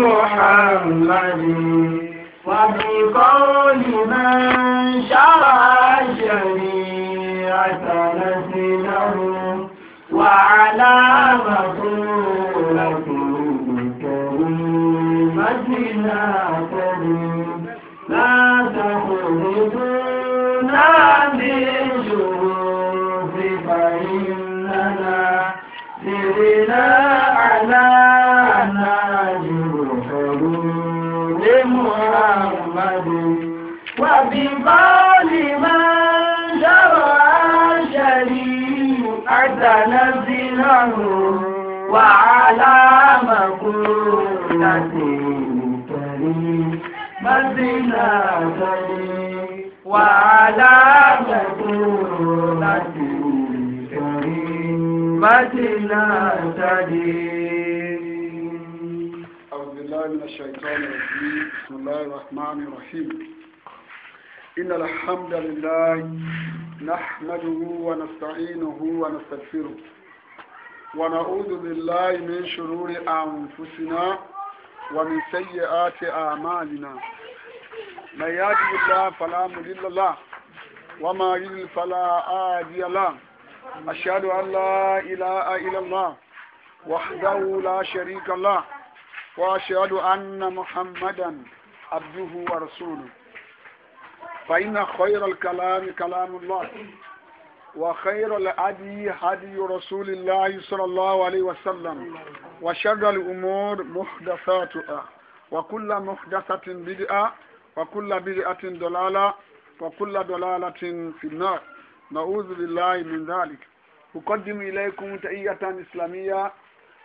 محمد وبقول من شرع وعلى مقولة كريم منزلة وعلى مقولة كريم منزلة أعوذ بالله من الشيطان الرجيم بسم الله الرحمن الرحيم إن الحمد لله نحمده ونستعينه ونستغفره ونعوذ بالله من شرور أنفسنا ومن سيئات أعمالنا من يهده الله فلا مضل له وما يضلل فلا هادي له أشهد أن لا إله إلا الله وحده لا شريك له وأشهد أن محمدا عبده ورسوله فإن خير الكلام كلام الله وخير الهدي هدي رسول الله صلى الله عليه وسلم وشر الأمور محدثاتها وكل محدثة بدعة وكل بدعة ضلالة وكل ضلالة في النار نعوذ بالله من ذلك أقدم إليكم تحية إسلامية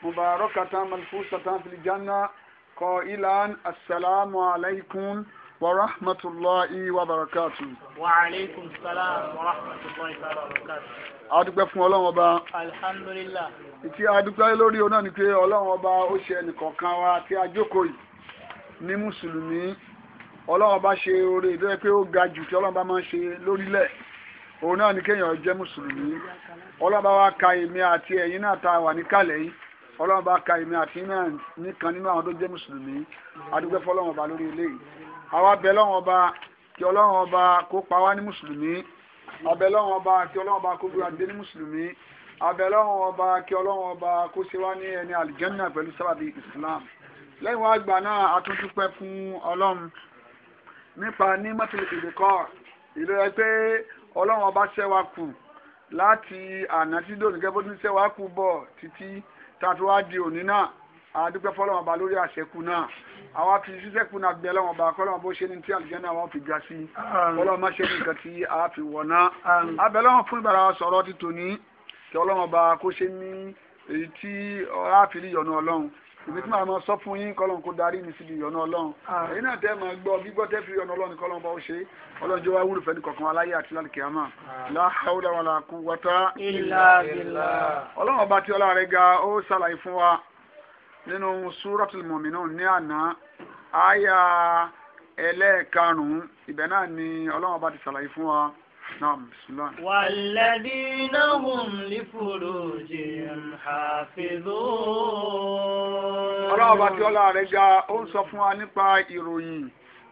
مباركة ملفوسة في الجنة قائلا السلام عليكم ورحمة الله وبركاته وعليكم السلام ورحمة الله وبركاته adúpẹ́ fún ọlọ́run ọba. alhamdulillah. ìtí adúpẹ́ lórí ọ̀nà ni pé ọlọ́run ọba ó ṣe ẹnìkọ̀ọ̀kan wa tí a jókòó ọlọ́run ọba ṣe oore ìdọ́yẹ pé ó ga jù tí ọlọ́run ọba máa ń ṣe lórílẹ̀ òun náà ni kéèyàn jẹ́ mùsùlùmí ọlọ́run ọba wa ka èmi àti ẹ̀yin náà ta wà níkàlẹ̀ yìí ọlọ́run ọba ka èmi àti ẹ̀yin náà nìkan nínú àwọn tó jẹ́ mùsùlùmí adúpẹ́ fọlọ́run ọba lórí eléyìí àwa bẹ lọ́wọ́n ọba kí ọlọ́wọ́n ọba kó pa wá ní mùsùlùmí abẹ lọ́wọ́n ọba kí ọlọ́wọ́n ọba kó gbéra dé ní mùsùlùmí abẹ lọ́wọ́n ọba kí ọlọ́wọ́n ọba kó ṣe wá ní ẹni àlìjẹ́nà pẹ̀lú sábàbí Islam lẹ́yìn wá gbà náà a tún dúpẹ́ fún ọlọ́run nípa ní mọ́tìlì ìdíkọ́ ìlú rẹ pé ọlọ́run ọba ṣẹ́ wa kù láti àná tí dòní gẹ́gẹ́ bó ti ṣẹ́ wa kù bọ̀ títí tàtúwá di òní náà àdúpẹ́ fọlọ́wọ́n ba lórí àṣẹkù náà àwa fi ṣíṣẹ́kù náà bẹ lọ́wọ́n ba kọ́lọ́wọ́n bó ṣe ní tí àlùjànnà àwọn fi ga sí kọ́lọ́wọ́n má ṣe ní nǹkan tí a fi wọ̀ náà abẹ́lọ́wọ́n fún ìbára sọ̀rọ̀ ti tòní kí ọlọ́wọ́n ba kó ṣe ní èyí tí a fi rí yọ̀nù ọlọ́run ìbí tí màá ma sọ fún yín kọ́lọ́n kó darí mi síbi ìyọ̀nà ọlọ́run èyí náà tẹ́ máa gbọ́ gbígbọ́ tẹ́ fi ọ̀nà ọlọ́run kọ́lọ́n bá ó ṣe ọlọ́run jẹ́ wá wúlò fẹ́ni kọ̀ọ̀kan aláyé àti láti kìámà la hawla wala quwwata illa billah ọlọ́run ọba tí ọlá rẹ̀ ga ó ṣàlàyé fún wa nínú suratul mu'minun ní àná àyà ẹlẹ́ẹ̀karùn-ún ibẹ̀ náà ni ọlọ́run bá ti ṣàlàyé fún wa náà bismillah. walladhina hum li furujihim hafizun. ọlọ́run bá ti ọlá rẹ̀ ga ó ń sọ fún wa nípa ìròyìn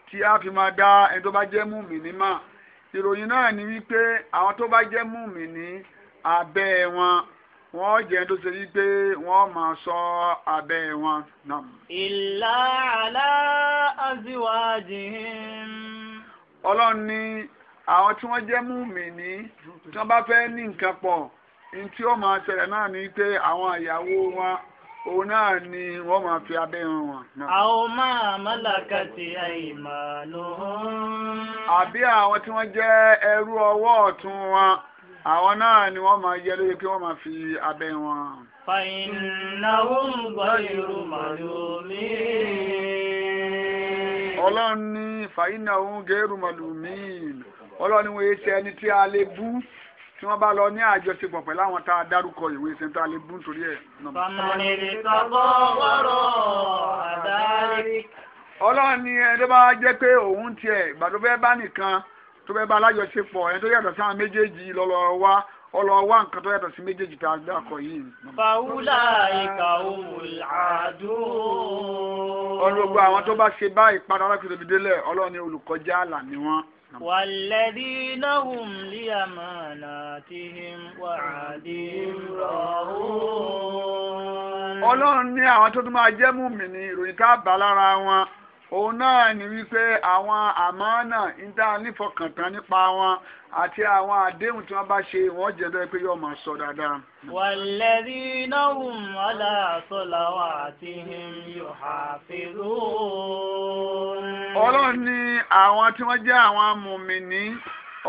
tí a fi máa dá ẹni tó bá jẹ́ mùmínì mà ìròyìn náà ni wípé àwọn tó bá jẹ́ mùmínì abẹ́ wọn wọ́n jẹ́ tó ṣe rí wọ́n máa sọ abẹ́ wọn náà. ìlà àlá azwajihim. ọlọ́run ní àwọn tí wọ́n jẹ́ mùmínì tí wọ́n bá fẹ́ ní nǹkan pọ̀ ní tí ó máa ṣẹlẹ̀ náà ni pé àwọn ìyàwó wọn òun náà ni wọ́n máa fi abẹ́ hàn wọn. àwọn máa mọ́làkà ti àìmọ̀ lòun. àbí àwọn tí wọ́n jẹ́ ẹrú ọwọ́ ọ̀tún wọn. àwọn náà ni wọ́n máa yẹ lóye kí wọ́n máa fi abẹ́ wọn. fàyínàwòm gbọ́yìrù màlúmi. ọlọ́run ní fàyínàwòm gẹ́rù màlúmi ọlọ́run ní wọ́n yé ṣe ẹni tí a lè bú tí wọ́n bá lọ ní àjọṣepọ̀ pẹ̀lú àwọn tá a dárúkọ ìwé ṣe tá a lè bú nítorí ẹ̀. ọlọ́run ní ẹni tó bá jẹ́ pé òun tiẹ̀ ìgbà bá nìkan tó bẹ́ẹ̀ bá alájọṣepọ̀ ẹni tó yàtọ̀ sáwọn méjèèjì lọ́lọ́ wá ọlọ́wà nǹkan tó yàtọ̀ sí méjèèjì tá a gbé akọ yìí. fàwùlà ìkà òmùlàdùn. ọ̀rọ̀ gbogbo àwọn tó bá ṣe báyìí padà alákùnrin òbí délẹ̀ ọlọ́ọ̀ni olùkọjá àlà ni wọ́n. والذين هم لأماناتهم وعهدهم راعون. ọlọ́run ní àwọn tó tún máa jẹ́ mùmínì ìròyìn tá a bá lára wọn òun náà ni wípé àwọn àmánà níta nífọkàntán nípa wọn àti àwọn àdéhùn tí wọ́n bá ṣe wọ́n jẹ́ bẹ́ẹ̀ pé yóò máa sọ dáadáa. wàlẹ́rí náà hùn ọ̀la àtọ́là wà àti yòhàfẹ́rò. ọlọ́run ní àwọn tí wọ́n jẹ́ àwọn mùmìnì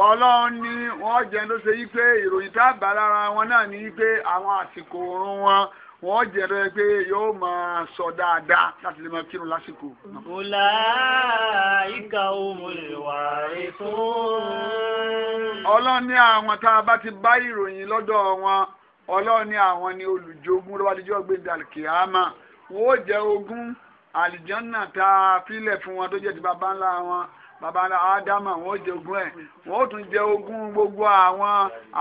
ọlọ́run ní wọ́n jẹ́ ló ṣe yí pé ìròyìn tá a bá lára wọn náà ní yí àwọn àsìkò oorun wọn. wọ́n jẹ́rọ pé yóò máa sọ dáadáa láti lè máa kírun lásìkò. Bùlá ìka òmùlẹ̀wà ètò. Ọlọ́run ní àwọn tá a bá ti bá ìròyìn lọ́dọ̀ wọn, ọlọ́run ní àwọn ni olùjogún ló bá ti jọ́ Wọ́n ó jẹ ogún àlìjọ́nà tá a filẹ̀ fún wọn tó jẹ́ ti bàbá ńlá wọn. bàbá ádámà wọn jogún ẹ̀ wọn ó tún jẹ ogún gbogbo àwọn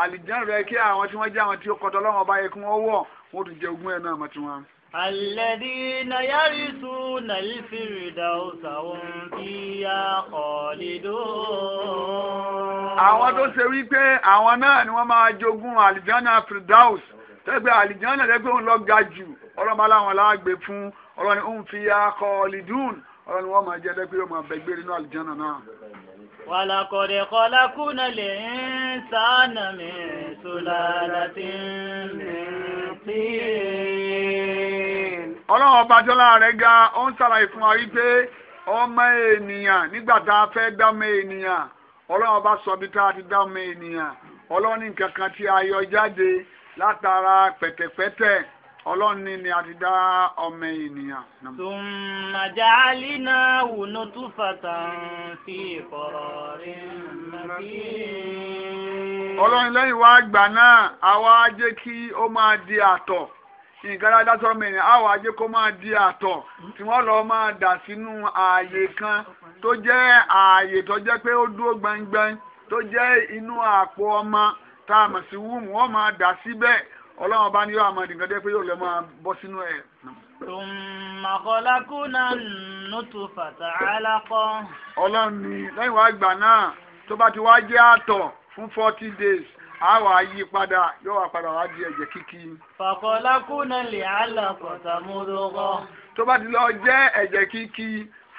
àlìjẹ́nù rẹ kí àwọn tí wọ́n jẹ́ àwọn tí ó kọtọ́ lọ́wọ́ báyẹ kí wọ́n wọ̀ wọn ó tún jẹ ogún ẹ̀ náà mọ́ tiwọn. الذين يرثون الفردوس هم فيها خالدون àwọn tó ṣe wípé àwọn náà ni wọ́n máa jogún àlìjánà firdaus tẹ́gbẹ́ àlìjánà tẹ́gbẹ́ òun lọ ga jù ọlọ́mọ aláwọn láàgbé fún ọlọ́ni òun fi ya khalidun ọlọ́ni wọ́n máa jẹ́ dẹ́gbẹ́ ọmọ abẹ́gbé nínú àlùjánà náà. wàlàkọ̀dé kọlá kùnà lè ń sáànà mi sọlá láti mi ọlọ́run ọba jọlá rẹ̀ ga ó ń ṣàlàyé fún wa wípé ọmọ ènìyàn nígbà tá a fẹ́ dá ọmọ ènìyàn ọlọ́run ọba sọ bí tá a ti dá ọmọ ènìyàn ọlọ́run nǹkan kan tí a yọ jáde látara pẹ̀tẹ̀pẹ̀tẹ̀ ọlọ́run ni ni a ti dá ọmọ ènìyàn. Sùnmà jáàlì náà wùnú tún fàtàn fi ìkọ̀rọ̀ rí màbí. Ọlọ́run lẹ́yìn wá gbà náà, a wá jẹ́ kí ó máa di àtọ̀. Nǹkan dáadáa sọ ọmọ ènìyàn, a wá jẹ́ kó máa di àtọ̀. Tí wọ́n lọ máa dà sínú ààyè kan tó jẹ́ ààyè tó jẹ́ pé ó dúró gbangban tó jẹ́ inú àpò ọmọ tá a mọ̀ sí wúmù, wọ́n máa dà síbẹ̀ ọlọ́run bá ní yóò àmọ́ nìkan jẹ́ pé yóò lè máa bọ́ sínú ẹ̀. thumma khalaqna nutfata alaqa. ọlọ́run ni lẹ́yìn wá gbà náà tó bá ti wá jẹ́ àtọ̀ fún forty days a wà yí padà yóò wá padà wá di ẹ̀jẹ̀ kíkí. fa khalaqna al-alaqata mudghah. tó bá ti lọ jẹ́ ẹ̀jẹ̀ kíkí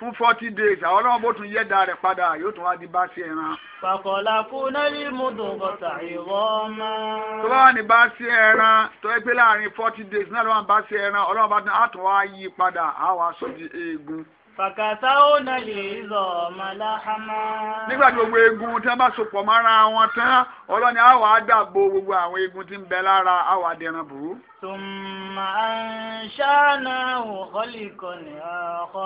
fún forty days àwọn ọlọ́run bó tún yẹ̀dá rẹ̀ padà yóò tún wá di bá sí ẹran. pàkọ́lá fún nẹ́lí mọ́tò bọ̀tà ìwọ́ máa. tó bá wà ní bá sí ẹran tó yẹ pé láàrin forty days náà ló wà ní bá sí ẹran ọlọ́run bá tún á tún wá yí padà á wàá sọ di eegun fàkàtà ó na lè zọ màláhàmá. nígbà tí gbogbo eegun tí wọ́n bá sopọ̀ mọ́ra wọn tán ọlọ́ni á wàá dàbò gbogbo àwọn eegun tí ń bẹ lára á wàá dẹran bùrú. tùmà àǹṣáná ò kọ́lìkọ́ ní ọkọ.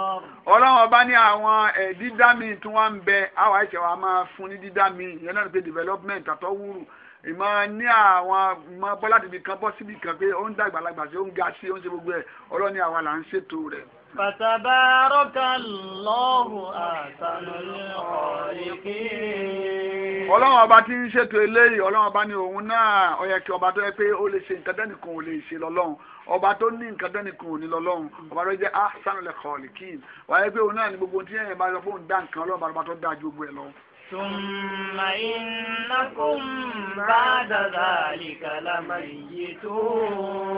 ọlọ́run ọba ní àwọn dídá mi tí wọ́n ń bẹ á wàá ṣe wàá máa fún ní dídá mi ìyẹn náà ní pé development àtọ́wúrù ìmọ̀ ní àwọn ìmọ̀ bọ́lá tìbí kan bọ́ síbì kan pé ó ń dàgbàlagbà sí ó ń ga sí ó ń ṣe gbogbo ẹ̀ ọlọ́ni àwa là ń ṣètò rẹ̀. فتبارك الله أحسن الخالقين. ọlọ́run ọba tí ń ṣètò eléyìí ọlọ́run ọba ní òun náà ó yẹ kí ọba tó yẹ pé ó lè ṣe nǹkan dẹ́nìkan ò lè ṣe lọ́lọ́run ọba tó ní nǹkan dẹ́nìkan ò ní lọ́lọ́run ọba tó jẹ́ ahsanul khaliqin wáyé pé òun náà ní gbogbo tí ẹ̀yìn bá yọ fóun dá nǹkan ọlọ́run bá tó dáa ju gbogbo ẹ̀ lọ. ثم إنكم بعد ذلك لميتون.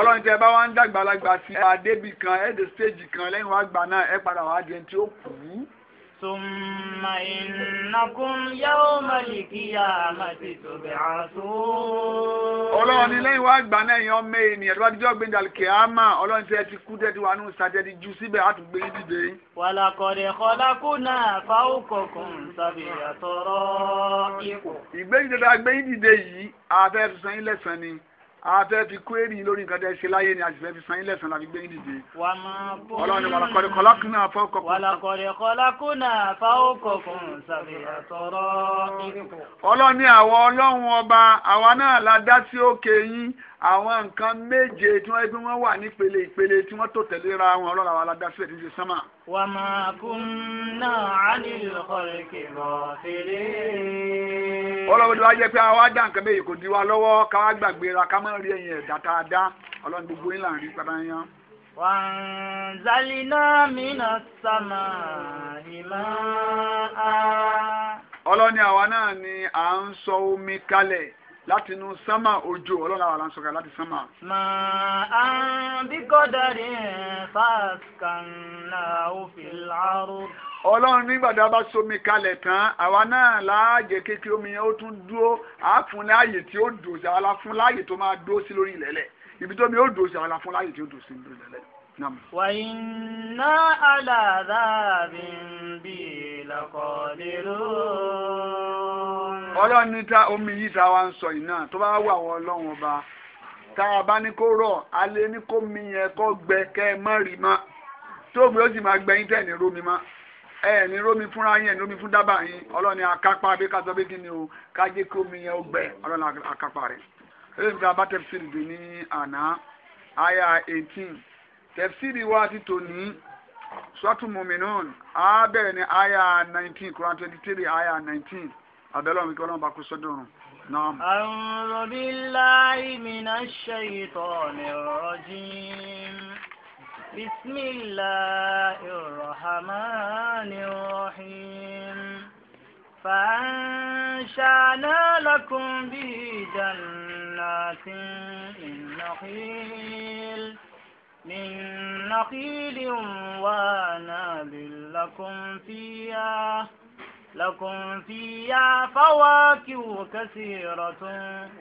ọlọ́run tẹ bá wá ń dàgbàlagbà sí i. àdébì kan ẹ̀ẹ́dẹ̀ stéèjì kan lẹ́yìn wá gbà náà ẹ padà wá di ẹni tí ó kù. ثم إنكم يوم القيامة تبعثون. ọlọ́run ni lẹ́yìn wá gbà náà yan ọmọ ènìyàn tó bá dijọ́ gbé jalè kìámà ọlọ́run tí ẹ ti kú tẹ́tí wa nù sàtẹ́ ti ju síbẹ̀ á tún gbé yín dìde. ولقد خلقنا فوقكم سبع طرائق. ìgbéyìí tó dáa gbé yín dìde yìí àfẹ́ sàn ilẹ̀ sàn ni a fẹ́ fi kúrẹ́rì lórí nǹkan tẹ́ ṣe láyé ni a fi san ilẹ̀ sàn láti gbé yín wà á máa bọ́ ọlọ́run ni wàlàkọ̀dẹ̀ kọlákùnà fọ́ọ̀kọ̀ fún. wàlàkọ̀dẹ̀ kọlákùnà fọ́ọ̀kọ̀ fún sàbẹ̀yà tọrọ. ọlọ́run ni àwọn ọlọ́run ọba àwa náà la dá sí òkè yín àwọn nǹkan méje tí wọ́n gbé wọ́n wà nípele ìpele tí wọ́n tó tẹ̀léra wọn ọlọ́run àwọn aládásílẹ̀ tí ń ṣe sánmà. wà á máa kún náà á ní ìlọ́kọ̀ọ́lẹ̀ kìlọ̀ fèrè. ọlọ́run ti wá jẹ́ pé àwa dá nǹkan méje kò di wa lọ́wọ́ ká wá gbàgbé ra ká má rí ẹ̀yìn ẹ̀dá tá a dá ọlọ́run gbogbo yín là ń rí padà yan. wà á zàlínà mìíràn sàmà ìmọ̀ ọlọ́ni àwa náà ni à ń sọ omi kalẹ̀ láti inú sánmà òjò ọlọ́run àwọn aláǹsọ̀kà láti sánmà. mà á bí kọ́dárì fàákànnà òfin láàrú. ọlọ́run nígbà tá a bá somi kalẹ̀ tán àwa náà láàjẹ kékeré omi yẹn ó tún dúró àáfún láàyè tí ó dò sí àwọn aláfún láàyè tó máa dúró sí lórí ilẹ̀lẹ̀ ibi tó mi ó dò sí àwọn aláfún láàyè tí ó dò sí lórí ilẹ̀lẹ̀. وإنا على ذهاب به لقادرون ọlọ́run ní ta omi yìí ta wá ń sọ yìí náà tó bá wà wọ́n ọlọ́run ọba tá a bá ní kó rọ̀ a lè ní kó mi yẹn kó gbẹ kẹ́ ẹ mọ́ rí mọ́ tó gbé ó sì máa gbẹyìn tẹ̀ ní rómi mọ́ ẹ ní rómi fúnra yín ní rómi fún dábà yín ọlọ́run akápá bí ká sọ pé kí ni o ká jẹ́ kí omi yẹn ó gbẹ ọlọ́run akápá rẹ̀ eré nípa bá tẹ̀síìrì dé ní àná àyà eighteen tẹ̀síìrì wa ti tò ní sọ́tùmùmínú á bẹ̀rẹ̀ ní àyà nineteen kúrò twenty three àyà nineteen abẹ́lọ́run kí ọlọ́run bá kó sọ́dọ̀rùn náà. a'udhu billahi minash shaitonir rajim. bismillahir rahmanir rahim. فأنشأنا لكم به جنات من نخيل من نخيل وأناب لكم فيها لكم فيها فواكه كثيرة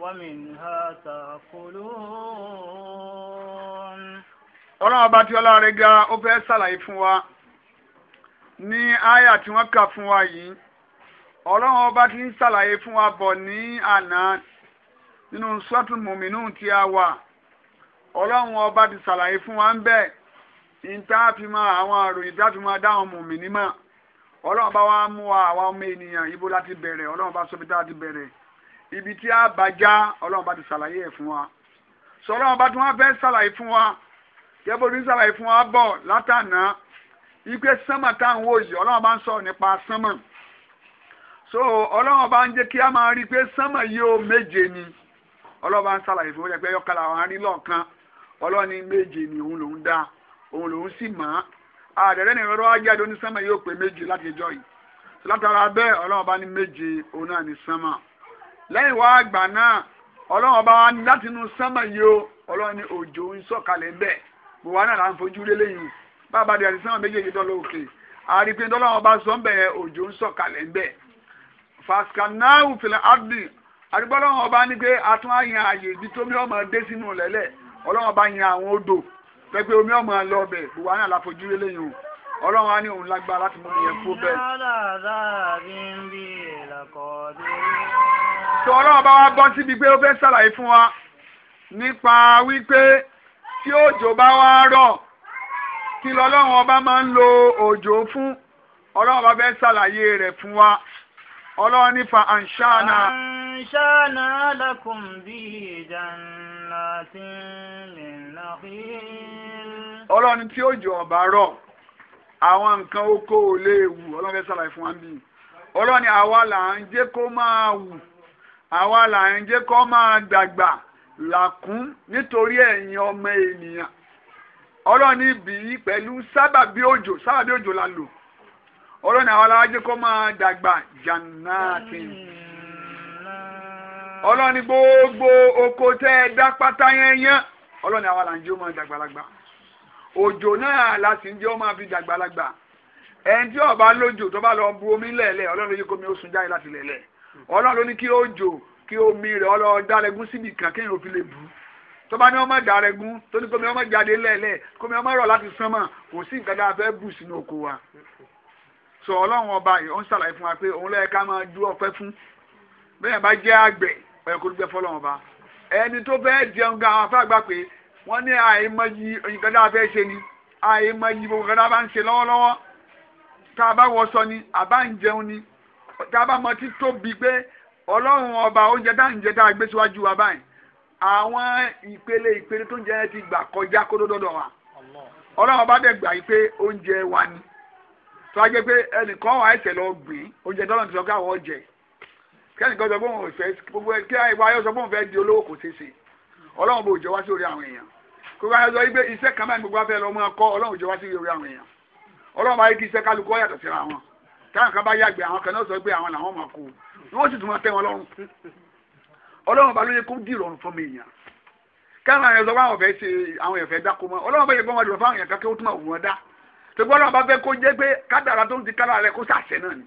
ومنها تأكلون ọlọ́run ọba tí ọlá rẹ̀ ga ó fẹ́ ṣàlàyé fún wa ní àyà tí wọ́n kà fún wa yìí ọlọ́run ọba tí ń ṣàlàyé fún wa bọ̀ ní àná nínú sọ́tún tí a wà ọlọ́run ọba ti ṣàlàyé fún wa ń bẹ̀ ní àwọn àròyìn tá dáhùn mùmínú ọlọ́run bá wá mú wa àwa ọmọ ènìyàn ibo láti bẹ̀rẹ̀ ọlọ́run bá sọ bí tá a ti bẹ̀rẹ̀ ibi tí a bá já ọlọ́run bá ti ṣàlàyé ẹ̀ fún wa sọ ọlọ́run bá tún wá fẹ́ ṣàlàyé fún wa yẹ́bó ní ṣàlàyé fún wa bọ̀ látànà ipe sánmà táwọn wò yìí ọlọ́run bá ń sọ̀rọ̀ nípa sánmà so ọlọ́run bá ń jẹ́ kí a máa rí i pé sánmà yìí ó méje ni ọlọ́run bá ń ṣàlàyé fún wa pé yọkàlà àwọn arílọ̀kan ọlọ́run ní méje ni òun lòún dá òun lòún sì máa àdẹ̀rẹ́ ni ọ̀rọ̀ ajáde onísánmà yóò pé méje láti ẹjọ́ yìí látara bẹ́ẹ̀ ọlọ́run bá ní méje òun náà ní sánmà lẹ́yìn wá àgbà náà ọlọ́run bá wá ní láti inú sánmà yìí o ọlọ́run ní òjò ń sọ̀kalẹ̀ bẹ́ẹ̀ bò wá náà là ń fojú lé lẹ́yìn bàbá àdẹ̀rẹ́ ní sánmà méjèèjì dọ́lọ́ òkè àrípin tọ́lọ́run bá sọ bẹ́ẹ̀ òjò ń sọ̀kalẹ̀ bẹ́ẹ̀ fàṣkanáwù fìlà ábdì àdìgbọ́lọ́run ọba ní pé atún àyàn àyè ibi tómi ọmọ dé sínú lẹ́lẹ̀ ọlọ́run ọba yan àwọn odò pẹ́pẹ́ omi ọmọ lọ bẹ̀ gbogbo àwọn àlàfojú eléyìí o ọlọ́run á ní òun lágbára láti mú ìyẹn kú bẹ́ẹ̀. tó ọlọ́run bá wá gbọ́n síbi pé ó fẹ́ ṣàlàyé fún wa nípa wípé tí òjò bá wá rọ̀ kí lọ́lọ́run ọba máa ń lo òjò fún ọlọ́run bá fẹ́ ṣàlàyé rẹ̀ fún wa ọlọ́run nípa àǹṣáná. àǹṣáná lakum bíi ìdáná ọlọ́run tí òjò ọ̀bà rọ̀ àwọn nǹkan oko ò lè wù ọlọ́run fẹ́ sàlàyé fún wa bí ọlọ́run àwa là ń jẹ́ kó máa wù àwa là ń jẹ́ kó máa dàgbà làkún nítorí ẹ̀yin ọmọ ènìyàn ọlọ́run bí pẹ̀lú sábàbí òjò sábàbí òjò la lò ọlọ́run àwa là ń jẹ́ kó máa dàgbà jàǹnà ọlọ́run ni gbogbo oko tẹ́ ẹ dá pátá yẹnyẹn ọlọ́run ní àwa là ń jẹ́ ó máa dàgbàlagbà òjò náà la sì ń jẹ́ ó máa fi dàgbàlagbà ẹni tí ọba lójò tó bá lọ bu omi lẹ̀lẹ̀ ọlọ́run ló yẹ mi ó sun jáde láti lẹ̀lẹ̀ ọlọ́run ló ní kí òjò kí omi rẹ̀ ọlọ́run dálẹ́gún síbi kan kéèyàn ó fi lè bù ú tó bá ní ọmọ ìdàrẹ́gún tó ní kómi ọmọ jáde lẹ́ẹ̀lẹ́ kómi ọmọ rọ̀ láti sánmọ̀ kò sí nǹkan dáa fẹ́ bù sínú oko wa sọ ọlọ́run ọba yìí ó ń ṣàlàyé fún wa pé òun ló máa dú ọpẹ́ fún bẹ́ẹ̀ bá jẹ́ àgbẹ̀ ọ̀yẹ́ kó dúpẹ́ fọlọ́run ọba ẹni tó fẹ́ jẹun gan àwọn afáàgbà pé wọ́n ní àìmọyì nǹkan tá a fẹ́ ṣe ni àìmọyì gbogbo nǹkan tá a bá ń ṣe lọ́wọ́lọ́wọ́ tá a bá wọṣọ ni àbá ń jẹun ni tá a bá mọ títóbi pé ọlọ́run ọba oúnjẹ tá à ń jẹ tá a gbé síwájú wa báyìí àwọn ìpele ìpele tó ń jẹ ti gbà kọjá kó dọ́dọ̀ wa ọlọ́run ọba dẹ̀ gbà yí pé oúnjẹ wa ni tó a jẹ́ pé ẹnìkan wà ẹsẹ̀ lọ gbìn oúnjẹ tọ́lọ́ ti kẹ́nìkan sọ pé òun fẹ́ gbogbo kí àìwá ayọ́ sọ pé òun fẹ́ di olówó kò ṣeé ṣe ọlọ́run bò jọ wá sí orí àwọn èèyàn kó wáyé sọ wípé iṣẹ́ kan báyìí gbogbo afẹ́ lọ mọ́ ọkọ ọlọ́run jọ wá sí orí àwọn èèyàn ọlọ́run bá yẹ kí iṣẹ́ kálukú yàtọ̀ síra wọn táwọn kan bá yàgbé àwọn kan náà sọ pé àwọn làwọn máa kú wọ́n sì tún máa tẹ́ wọn lọ́rùn ọlọ́run bá ló yẹ kó dì ìrọ̀rùn fún mi èèyàn káwọn àwọn ẹ̀sọ́ báwọn fẹ́ ṣe àwọn ẹ̀fẹ́ dáko mọ́ ọlọ́run bá yẹ kó wọn dùn fáwọn èèyàn kan kí ó tún máa wù wọn dá tó gbọ́dọ̀ bá fẹ́ kó jẹ́ pé kádàrà tó ń ti kálá rẹ kó sàṣẹ náà ni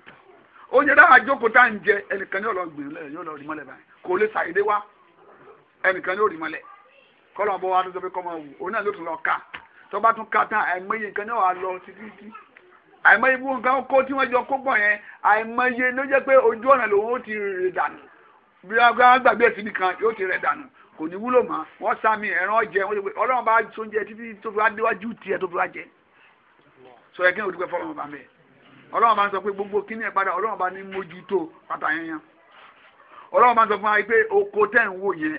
oúnjẹ dáhà jókòó tá à ń jẹ ẹnìkan ní ọlọgbìn lẹ yóò lọ rí mọ́lẹ̀ báyìí kò lè ṣàyẹdẹ wá ẹnìkan ní òrìmọ́lẹ̀ kọlọ bọ wa tó sọ pé kọmọ wù òun náà ló tún lọ kà tó bá tún kà tán àìmọye nǹkan náà wà lọ títí àìmọye bí nǹkan kó tí wọn jọ kó gbọn yẹn àìmọye ló jẹ pé ojú ọ̀nà lòun ó ti rè dànù bí wọn gbàgbé ẹsìn nìkan yóò ti rè dànù kò ní wúlò mọ́ wọn sami ẹran jẹ wọn jẹ ọlọ́run bá sóúnjẹ títí tó fi wá déwájú tiẹ̀ tó fi wá jẹ sọ yẹ kí n ò dúpẹ́ fọlọ́run bá mẹ́ẹ̀ ọlọ́run bá ń sọ pé gbogbo kíní ẹ̀ padà ọlọ́run bá ní mójútó pátá yẹn ọlọ́run bá ń sọ fún wa pé oko tẹ̀ ń wò yẹn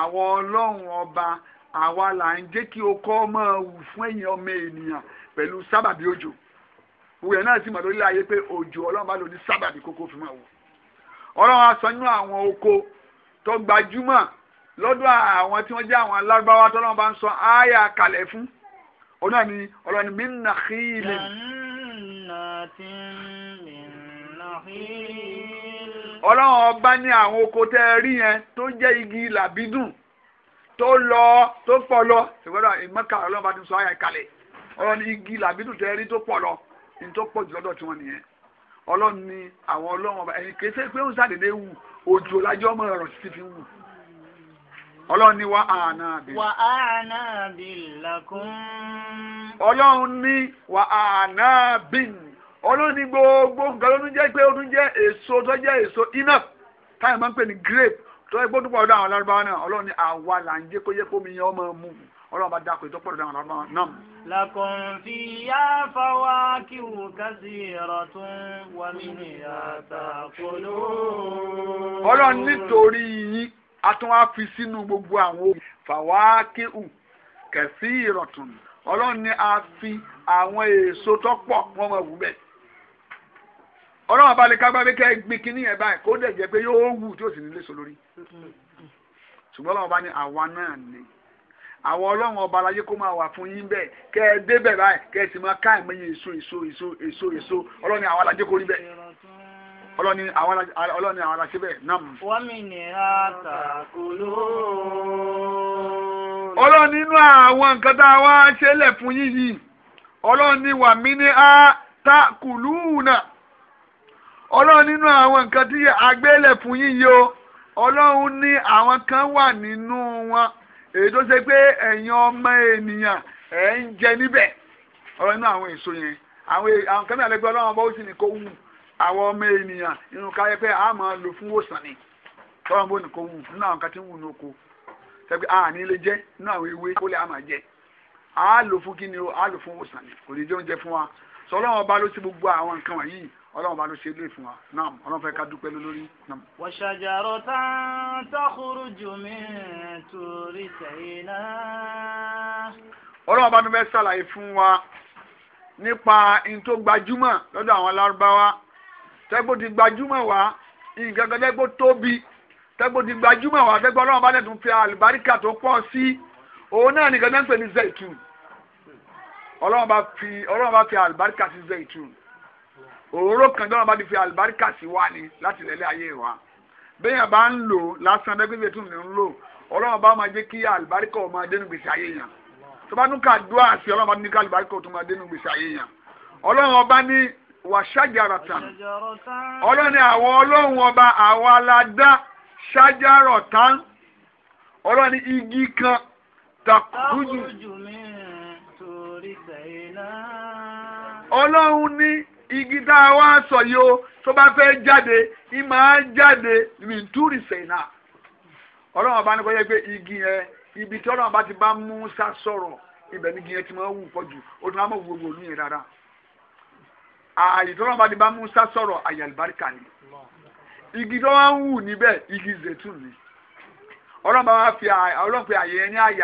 àwọn ọlọ́run ọba àwa là ń jẹ́ kí oko máa wù fún ẹ̀yin ọmọ ènìyàn pẹ̀lú sábàbí òjò òwe náà sì mọ̀ lórí ayé pé òjò ọlọ́run bá lò ní sábàbí kókó fi máa ọlọ́run aṣọ inú àwọn oko tó gbajúmọ̀ lọ́dọ̀ àwọn tí wọ́n jẹ́ àwọn ọlọ́run ọba ní àwọn oko tẹ́ ẹ rí yẹn tó jẹ́ igi làbídùn tó lọ tó pọ̀ lọ ṣùgbọ́n ìmọ̀ká ọlọ́run bá ti sọ àyà ìkàlẹ̀ ọlọ́run ní igi làbídùn tẹ́ ẹ rí tó pọ̀ lọ ní tó pọ̀ jù lọ́dọ̀ tí wọ́n nìyẹn ọlọ́run ní àwọn ọlọ́run ọba ẹ̀yìn kìí pé ó ń ṣàdédé wù òjò lájọ́ ọmọ ọ̀rọ̀ títí fi wù ọlọ́run ní wà áànà bìí. ọlọ́run ní wà áànà bìí olóòní gbogbo nǹkan ló ń jẹ́ pé ó jẹ́ èso tó jẹ́ èso iná táyà máa ń pè ní grape tó yẹ gbódúpọ̀ ọ̀dọ̀ àwọn alárúbáwá náà ọlọ́ọ̀ni àwa là ń jẹ́ kó yẹ kó mi yẹn ọmọ mu ọlọ́run bá dákò ìtọ́pọ̀ ọ̀dọ̀ àwọn alárúbáwá náà. lakun fi ya fawa kiwu kasi rọtun wami ni àtàkùnú. ọlọ́run nítorí yín a tún wá fi sínú gbogbo àwọn òbí fawa kiwu kasi rọtun ọlọ́run ni a fi àwọn èso tọ́pọ̀ wọn mọ̀ wù bẹ́ẹ̀ ọlọ́run abalẹ̀ kágbá pé kẹ́ ẹ gbé kínní ẹ̀ báyìí kó dẹ̀ jẹ́ pé yóò wù tí ó sì nílé so lórí ṣùgbọ́n ọlọ́run ọba ní àwa náà ni àwọn ọlọ́run ọba aláyé kó máa wà fún yín bẹ́ẹ̀ kẹ́ ẹ dé bẹ́ẹ̀ báyìí kẹ́ ẹ sì máa ká ìmọ̀ye èso èso èso èso èso ọlọ́run ní àwa alájẹ́ kó rí bẹ́ẹ̀ ọlọ́ni àwọn aláṣẹ bẹ́ẹ̀ nam. wọ́n mi ní àtàkùlù. ọlọ́ni inú àwọn nǹkan tá a wá ṣẹlẹ̀ fún yín yìí ọlọ́ni wà mí ní àtàkùlù náà. ọlọ́run nínú àwọn nǹkan tí agbélẹ̀ fún o ọlọ́run ní àwọn kan wà nínú wọn èyí tó ṣe pé ẹ̀yin ọmọ ènìyàn ẹ̀ ń jẹ níbẹ̀ Ọlọ́run àwọn èso yẹn àwọn e, kan náà lẹ́gbẹ́ ọlọ́run sì ní kó wù àwọn ọmọ ènìyàn inú ká yẹ pé fún òsàn ni ọlọ́run bó ní kó wù nínú àwọn kan wù ní oko a àwọn ewé ọlọ́run bá ló ṣe ilé fún wa náà ọlọ́run fẹ́ ká dúpẹ́ lórí náà. wọ̀ṣàjàrọ̀ tá ń tọ́kùrú jù mí torí tẹ̀yìn náà. ọlọ́run bá mi fẹ́ ṣàlàyé fún wa nípa n tó gbajúmọ̀ lọ́dọ̀ àwọn lárúbáwá tẹ́gbó ti gbajúmọ̀ wá nǹkan kan tẹ́gbó tóbi tẹ́gbó ti gbajúmọ̀ wá tẹ́gbó ọlọ́run bá tẹ̀tún fi àlùbáríkà tó pọ̀ sí òun náà nìkan náà ń pè ní zaitun ọlọ́run bá fi àlùbáríkà sí zaitun òróró kan tí wọn bá ti fi àlùbáríkà sí wa ni láti lẹ́lẹ́ ayé wa bẹ́yàn bá ń lò lásán dẹ́gbẹ́sẹ̀ tún ní ń lò ọlọ́run bá máa jẹ́ kí àlùbáríkà ọmọ adénú gbèsè ayé yàn tó bá tún ká dúà sí ọlọ́run bá tún ní ká àlùbáríkà ọtún máa dénú gbèsè ayé yàn ọlọ́run ọba ní wàṣájàrọ̀tàn ọlọ́run ní àwọn ọlọ́run ọba àwọn aládá ṣájàrọ̀tàn ọlọ́run ní igi kan takurujú ọlọ́run ní igi tá a wá sọ yìí o tó bá fẹ́ jáde ì máa jáde mìtúrì sẹ̀nà ọlọ́run ọba ní kọ́ yẹ pé igi yẹn ibi tí ọlọ́run ọba ti bá Mùsá sọ̀rọ̀ ibẹ̀ ní igi yẹn ti máa wù pọ̀ jù ó ti máa mọ̀ gbogbo olú yẹn rárá ààyè tí ọlọ́run ọba ti bá Mùsá sọ̀rọ̀ àyè ni igi tó wá ń wù níbẹ̀ igi zẹ̀tún ni ọlọ́run ọba wá fi ọlọ́run pé àyè yẹn ní àyè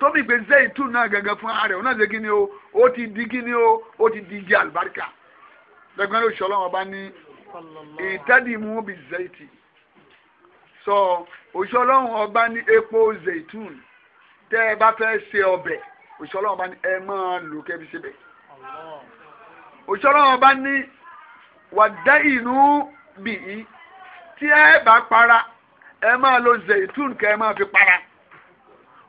tóbi pé zaitun náà gẹ́gẹ́ fún ara rẹ̀ ó náà ṣe kí ni o ó ti di kí ni o ó ti di jẹ́ àlùbáríkà lẹ́gbẹ́rún lóṣù ọlọ́run ọba ní ìtẹ́dìmú bí zaiti sọ òṣù ọlọ́run ọba ní epo zaitun tẹ́ ẹ bá fẹ́ ṣe ọbẹ̀ òṣù ọlọ́run ọba ní ẹ máa lò kẹ́bi síbẹ̀ òṣù ọlọ́run ọba ní wàdá ìnú bì tí ẹ bá para ẹ máa lo zaitun kẹ́ ẹ máa fi para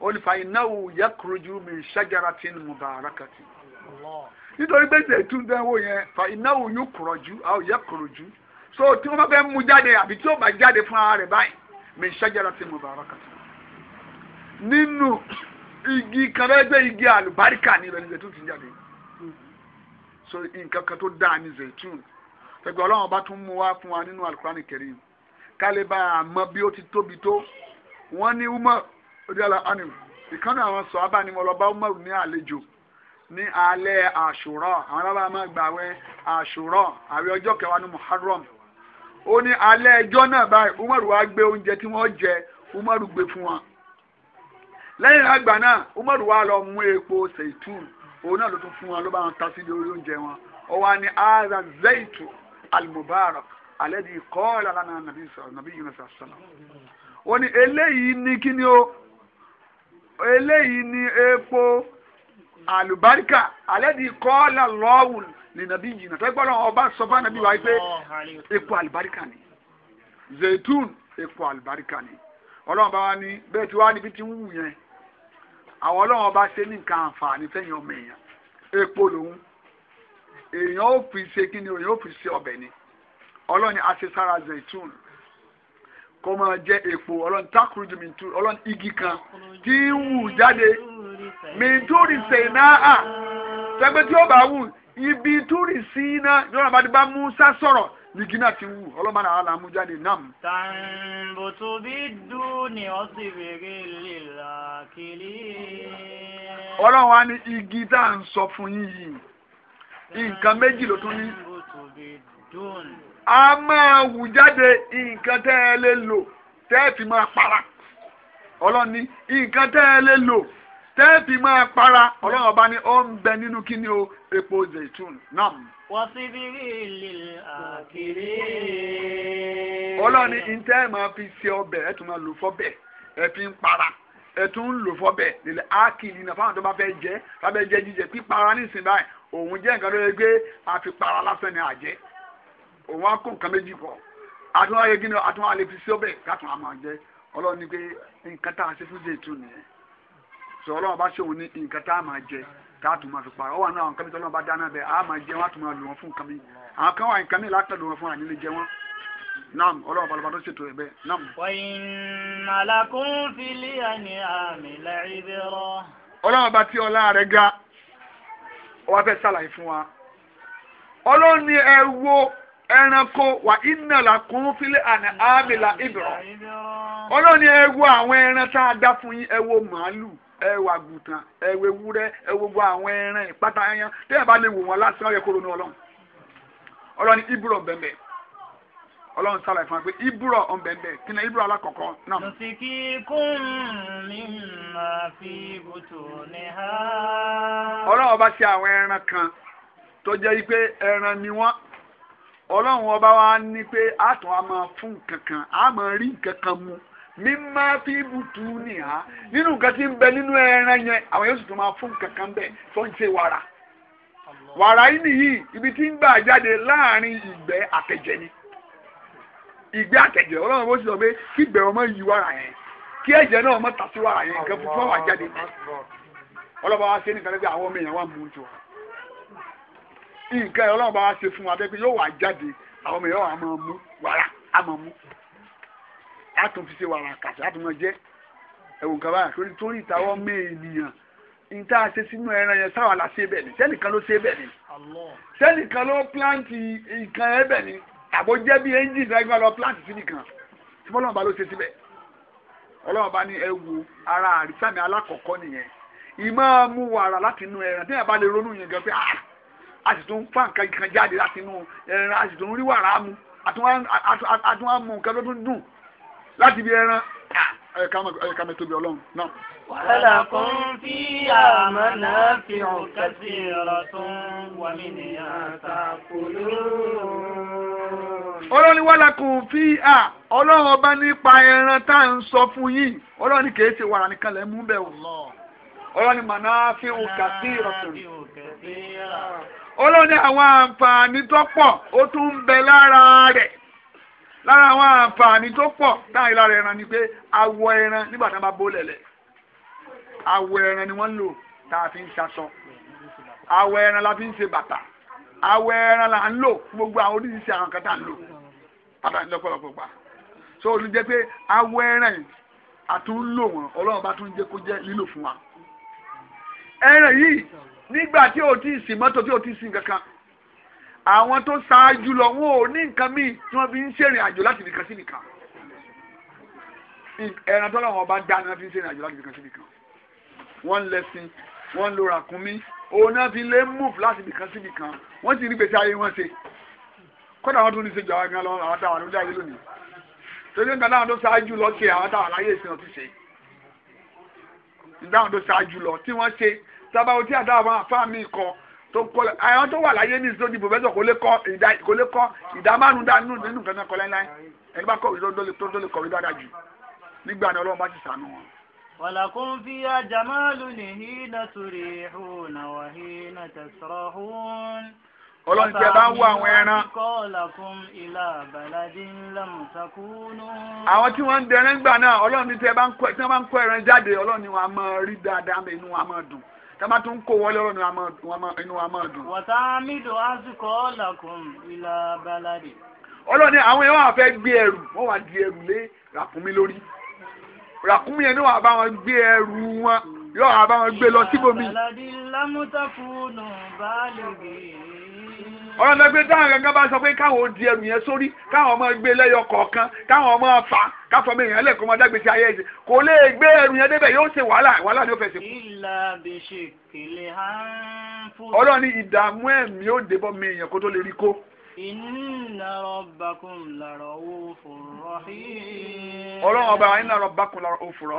ó ní fàyín náà yakurujú mi ṣẹ́jára tí ń mubaraka tì. nítorí pé zaitun bẹ́ẹ̀ wò yẹn fàyín yóò kúrọ̀jú àwọn yakurujú so tí wọ́n bá fẹ́ mú jáde àbí tí wọ́n bá jáde fún ara rẹ̀ báyìí mi ṣẹ́jára tí ń mubaraka tì. nínú igi kan bẹ́ẹ̀ gbé igi àlùbáríkà ní ìrẹ̀lẹ̀ zaitun ti jáde so nǹkan kan tó dáa ní zaitun ẹgbẹ́ ọlọ́run ọba tún mú wá fún wa nínú alukurani kẹrin kálíbà àmọ́ bí ó ti tóbi tó wọ́n ní umar odiala anim ìkànnì àwọn sọ abá ni mo lọ bá Umaru ní àlejò ní alẹ́ àṣùrọ̀ àwọn alábàá máa gbà wẹ̀ àṣùrọ̀ àwẹ̀ ọjọ́ kẹwàá ní Muharram ó ní alẹ́ ẹjọ́ náà báyìí Umaru wá gbé oúnjẹ tí wọ́n jẹ Umaru gbé fún wọn lẹ́yìn àgbà náà Umaru wá lọ mú epo seitun òun náà ló tún fún wọn ló bá wọn ta sí lórí oúnjẹ wọn ó wá ní ara zeitu almubarak alẹ́ di kọ́ ẹ̀ lára nàbí sọ̀rọ̀ nàbí Yunus sọ̀rọ̀ ó ní eléyìí ní kíni o eléyìí ni epo àlùbáríkà alẹ́dì kọ́ọ̀lá lọ́wùn n'inabi yìí nàtọ́ gbọ́dọ̀ ọba sọ fún ànàbí wa pé epo ni zaitun epo alubarika ni ọlọ́run bá wa ní bẹ́ẹ̀ tí wàá níbi tí ọba ṣe ní nǹkan àǹfààní fẹ́yìn ọmọ èèyàn epo lòun èèyàn ò fi ṣe kí ni èèyàn ò fi ṣe ọbẹ̀ kó máa jẹ èpo ọlọ́run takurujú mi ọlọ́run igi kan tí ń wù jáde mi náà à tí ó bá wù ibi túrì sí iná yọ̀rọ̀ bá ti bá Musa sọ̀rọ̀ nìgí náà ti wù ọlọ́mọ náà là ń mú jáde nam. bí dùn ni ó sì bèrè lílà kiri. ọlọ́run wa ní igi tá à ń sọ fún yín yìí nǹkan méjì ló tún ní. tàǹbùtù bí dùn a máa wù jáde nǹkan tẹ́ ẹ lè lò tẹ́ ẹ fi máa para ọlọ́run ní nǹkan tẹ́ ẹ lè lò tẹ́ ẹ fi máa para ọlọ́run ọba ní ó ń bẹ nínú kí ni o epo zaitun náà. wọ́n sì bí lílì àkèrè. ọlọ́run ní ntẹ́ ẹ máa fi ṣe ọbẹ̀ ẹ tún máa lò fọ́bẹ̀ ẹ fi ń para ẹ tún ń lò fọ́bẹ̀ lílẹ̀ ákìlì náà fáwọn tó bá fẹ́ jẹ́ bá fẹ́ jẹ́ jíjẹ pípara nísìnyí báyìí òun jẹ́ nǹkan tó yẹ gbé àfipara lásán ni àjẹ́ òun á kó nǹkan méjì pọ̀ àtúnwá yẹ gíní àtúnwá lè fi sí ọbẹ̀ kátùn àmọ́ jẹ ọlọ́run ní pé nǹkan tá a ṣe fún zètú nìyẹn sọ ọlọ́run bá ṣe òun ní nǹkan tá a máa jẹ tá a tún máa fi pa ọ wà náà àwọn nǹkan mi tọ́lọ́run bá dáná bẹ́ẹ̀ a máa jẹ wọn a tún máa lò wọn fún nǹkan mi àwọn kan wà nǹkan mi látọ̀ lò wọn fún ànílé ọlọ́run ni ẹ wo ẹranko wa iná làkún fílẹ̀ àná àmìlà ìbìrọ̀ ọlọ́ni ẹ àwọn ẹran tá a dá fún yín ẹ màálù ẹ wo àgùntàn ewúrẹ́ ẹ wo àwọn ẹran ìpátá ẹyán tẹ́yà bá lè wò wọ́n kóró ní ọlọ́run ọlọ́ni bẹ̀mẹ̀ ọlọ́run ni ibùrọ̀ alákọ̀ọ́kọ́ náà. tòsíkì kún mi máa fi ní ha. ọlọ́run ọba kan tó jẹ́ ẹran ọlọ́run ọba wa ní pé àtọ̀ a máa fún nǹkan a máa rí nǹkan mu mi máa fi butu nìyà nínú nǹkan tí ń bẹ nínú ẹran yẹn àwọn yóò sì tún máa fún nǹkan kan bẹ́ẹ̀ tó ń ṣe wàrà wàrà yìí nìyí ibi tí ń gbà jáde láàrin ìgbẹ́ àtẹ̀jẹ̀ ni ìgbẹ́ àtẹ̀jẹ̀ ọlọ́run bó ti sọ pé kí ìgbẹ́ ọmọ yìí wàrà yẹn kí ẹ̀jẹ̀ náà mọ̀ tàṣí wàrà yẹn nǹkan fún fún wà jáde ọlọ́ba wa ṣe nìkan lẹ́gbẹ̀ẹ́ àwọn ọmọ èèyàn wà mú un jù wàrà nǹkan ẹ̀ ọlọ́run bá wá ṣe fún wa bẹ́ẹ̀ pé yóò wá jáde àwọn ọmọ yẹn wà á máa mú wàrà á máa mú á tún fi ṣe wàrà kàṣà á tún máa jẹ́ ẹ̀wọ̀n kan báyà torí torí ìtawọ́ mé ènìyàn níta ṣe sínú ẹran yẹn sáwọn la ṣe bẹ́ẹ̀ ni sẹ́nìkan ló ṣe bẹ́ẹ̀ ni sẹ́nìkan ló plant nǹkan ẹ̀ bẹ́ẹ̀ ni àbò jẹ́ bí engine ẹgbẹ́ lọ plant síbi kan tí ọlọ́run bá ló ṣe síbẹ̀ ọlọ́run bá ní ẹ wo ara àrísàmì alákọ̀ọ́kọ́ nìyẹn ìmọ̀ mú wàrà láti inú ẹran tí ẹ̀ bá lè ronú yẹn gan pé ah a sì tún fà nǹkan kan jáde láti inú ẹran a rí wàrà mu a tún mú nǹkan tó tún dùn láti ibi ẹran ẹ̀ka mẹ́tò bí ọlọ́run náà. wàhálà kan fi àmọ́ náà fi hàn kẹ́sì ọ̀rọ̀ wà mí nìyàn tàkùlù. ọlọ́run wàhálà kan fi à ọlọ́run ọba nípa ẹran tá à ń sọ fún yìí ọlọ́run ni kìí ṣe wàrà nìkan lẹ́ mú bẹ́ẹ̀ o ọlọ́run ni màná fi hàn kẹ́sì ọ̀rọ̀ ọlọ́ni àwọn àǹfààní tó pọ̀ ó tún ń bẹ lára rẹ̀ lára àwọn àǹfààní tó pọ̀ táyì lára ẹran ni pé awọ ẹran nígbà tí wọ́n bá bó lẹ̀lẹ̀ awọ ẹran ni wọ́n lò tá a fi ń ṣaṣọ awọ ẹran la fi ń ṣe bàtà awọ ẹran là ń lò gbogbo àwọn oríṣiríṣi àwọn kan tá ń lò pàtàkì lọ́pọ̀lọpọ̀ pa so olùjẹ́ pé awọ ẹran yìí àtúnlò wọn ọlọ́run bá tún jẹ́ kó jẹ́ lílò fún wa ẹran yìí nígbà tí o ti sìn mọ́tò tí o ti sìn kankan àwọn tó ṣáájú lọ wọn ò ní nǹkan míì tí wọ́n fi ń ṣèrìn àjò láti nìkan sí nìkan ẹran tó lọ́wọ́ ọba dá ni wọ́n fi ń ṣèrìn àjò láti nìkan sí nìkan wọ́n ń lẹ́sìn wọ́n ń lo ràkúnmí òun náà fi lé múùf láti nìkan sí nìkan wọ́n sì rí gbèsè ayé wọn ṣe kódà wọn tún ní ṣèjọba gan lọ àwọn táwọn àdúgbò ayé lónìí torí nígbà táwọn tó ṣáájú lọ ṣe àwọn táwọn aláyé ìsìn ọtí ṣe sábà ojú àdá àwọn afáàmì kọ tó kọ àwọn tó wà láyé ní ìsọdí pòfẹ́sọ̀ kò lè kọ ìdá kò lè kọ ìdá márùn dá nínú nínú nǹkan náà kọ láíláí ẹni bá kọ ìdó tó lè kọ̀wé dáadáa jù nígbà náà ọlọ́run bá ti sànù wọn. ولكم فيها جمال حين تريحون وحين تسرحون ọlọ́run tí ẹ bá ń àwọn ẹran. àwọn tí wọ́n ń dẹrẹ́ ń náà ọlọ́run tí ẹ bá ń kọ́ ẹran jáde ọlọ́run ni wọ́n á máa rí dáadáa tẹ́lá tó ń kó wọlé ọ̀rọ̀ inú wa máa dùn. wọ́tá mídò azukọ́ làkùn ìlà balade. ọlọ́ni àwọn yẹn wà fẹ́ gbé ẹrù wọ́n wà di ẹrù lé ràkúnmí lórí ràkúnmí yẹn ni wọ́n bá wọn gbé ẹrù wọn yóò wá bá wọn gbé lọ síbòmí. ìlà balade lámútàkùn nù ọ̀rọ̀ mi pé táwọn kankan bá sọ pé káwọn di ẹrù yẹn sórí káwọn ọmọ gbé lẹ́yọ kọ̀ọ̀kan káwọn ọmọ fa káfọ́ mi yẹn lẹ́kọ̀ọ́ ọmọdé ayé ẹ̀sìn kò lè gbé ẹrù yẹn débẹ̀ yóò ṣe wàhálà wàhálà ni ó fẹsẹ̀ kù. ọlọ́run ní ìdààmú ẹ̀mí ó débọ̀ mi yẹn kó tó lè rí kó. Inna rabbakum lara'ufur rahim. Ọlọ́run ọba inna rabbakum lara'ufur ni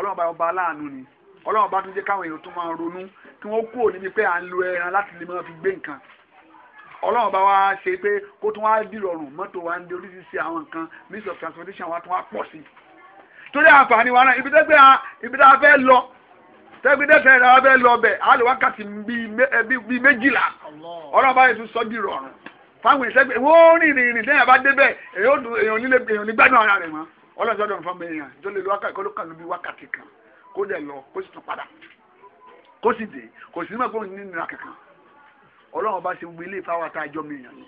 ọlọ́run bá tún jẹ́ káwọn èèyàn tún máa ronú kí wọ́n kúrò níbi pé à ń lo ẹran láti lè máa fi gbé nǹkan ọlọ́run bá wa ṣe pé kó tún wá dìrọ̀rùn mọ́tò wa ń di oríṣiríṣi àwọn nǹkan means of transportation wa tún wá pọ̀ sí i torí àǹfààní wa náà ibi tẹ́gbẹ́ ibi tá a fẹ́ lọ tẹ́gbẹ́ tẹ́gbẹ́ tá a fẹ́ lọ bẹ̀ á lè wákàtí bíi eh, méjìlá ọlọ́run bá yẹ tún sọ́ dìrọ̀rùn fáwọn ìṣẹ́gbẹ́ wọ́n rìn rìn rìn lẹ́yìn àbá débẹ̀ èèyàn ní gbádùn ara rẹ̀ mọ́ ọlọ́run sọ́dọ̀ fún mi èèyàn lo wákàtí kó ló kàn lóbi wákàtí kan kó dẹ̀ lọ kó sì tún padà kó sì dé kò sí ọlọ́run bá ṣe gbogbo ilé ìfáwọn àtàjọ mi yàn ni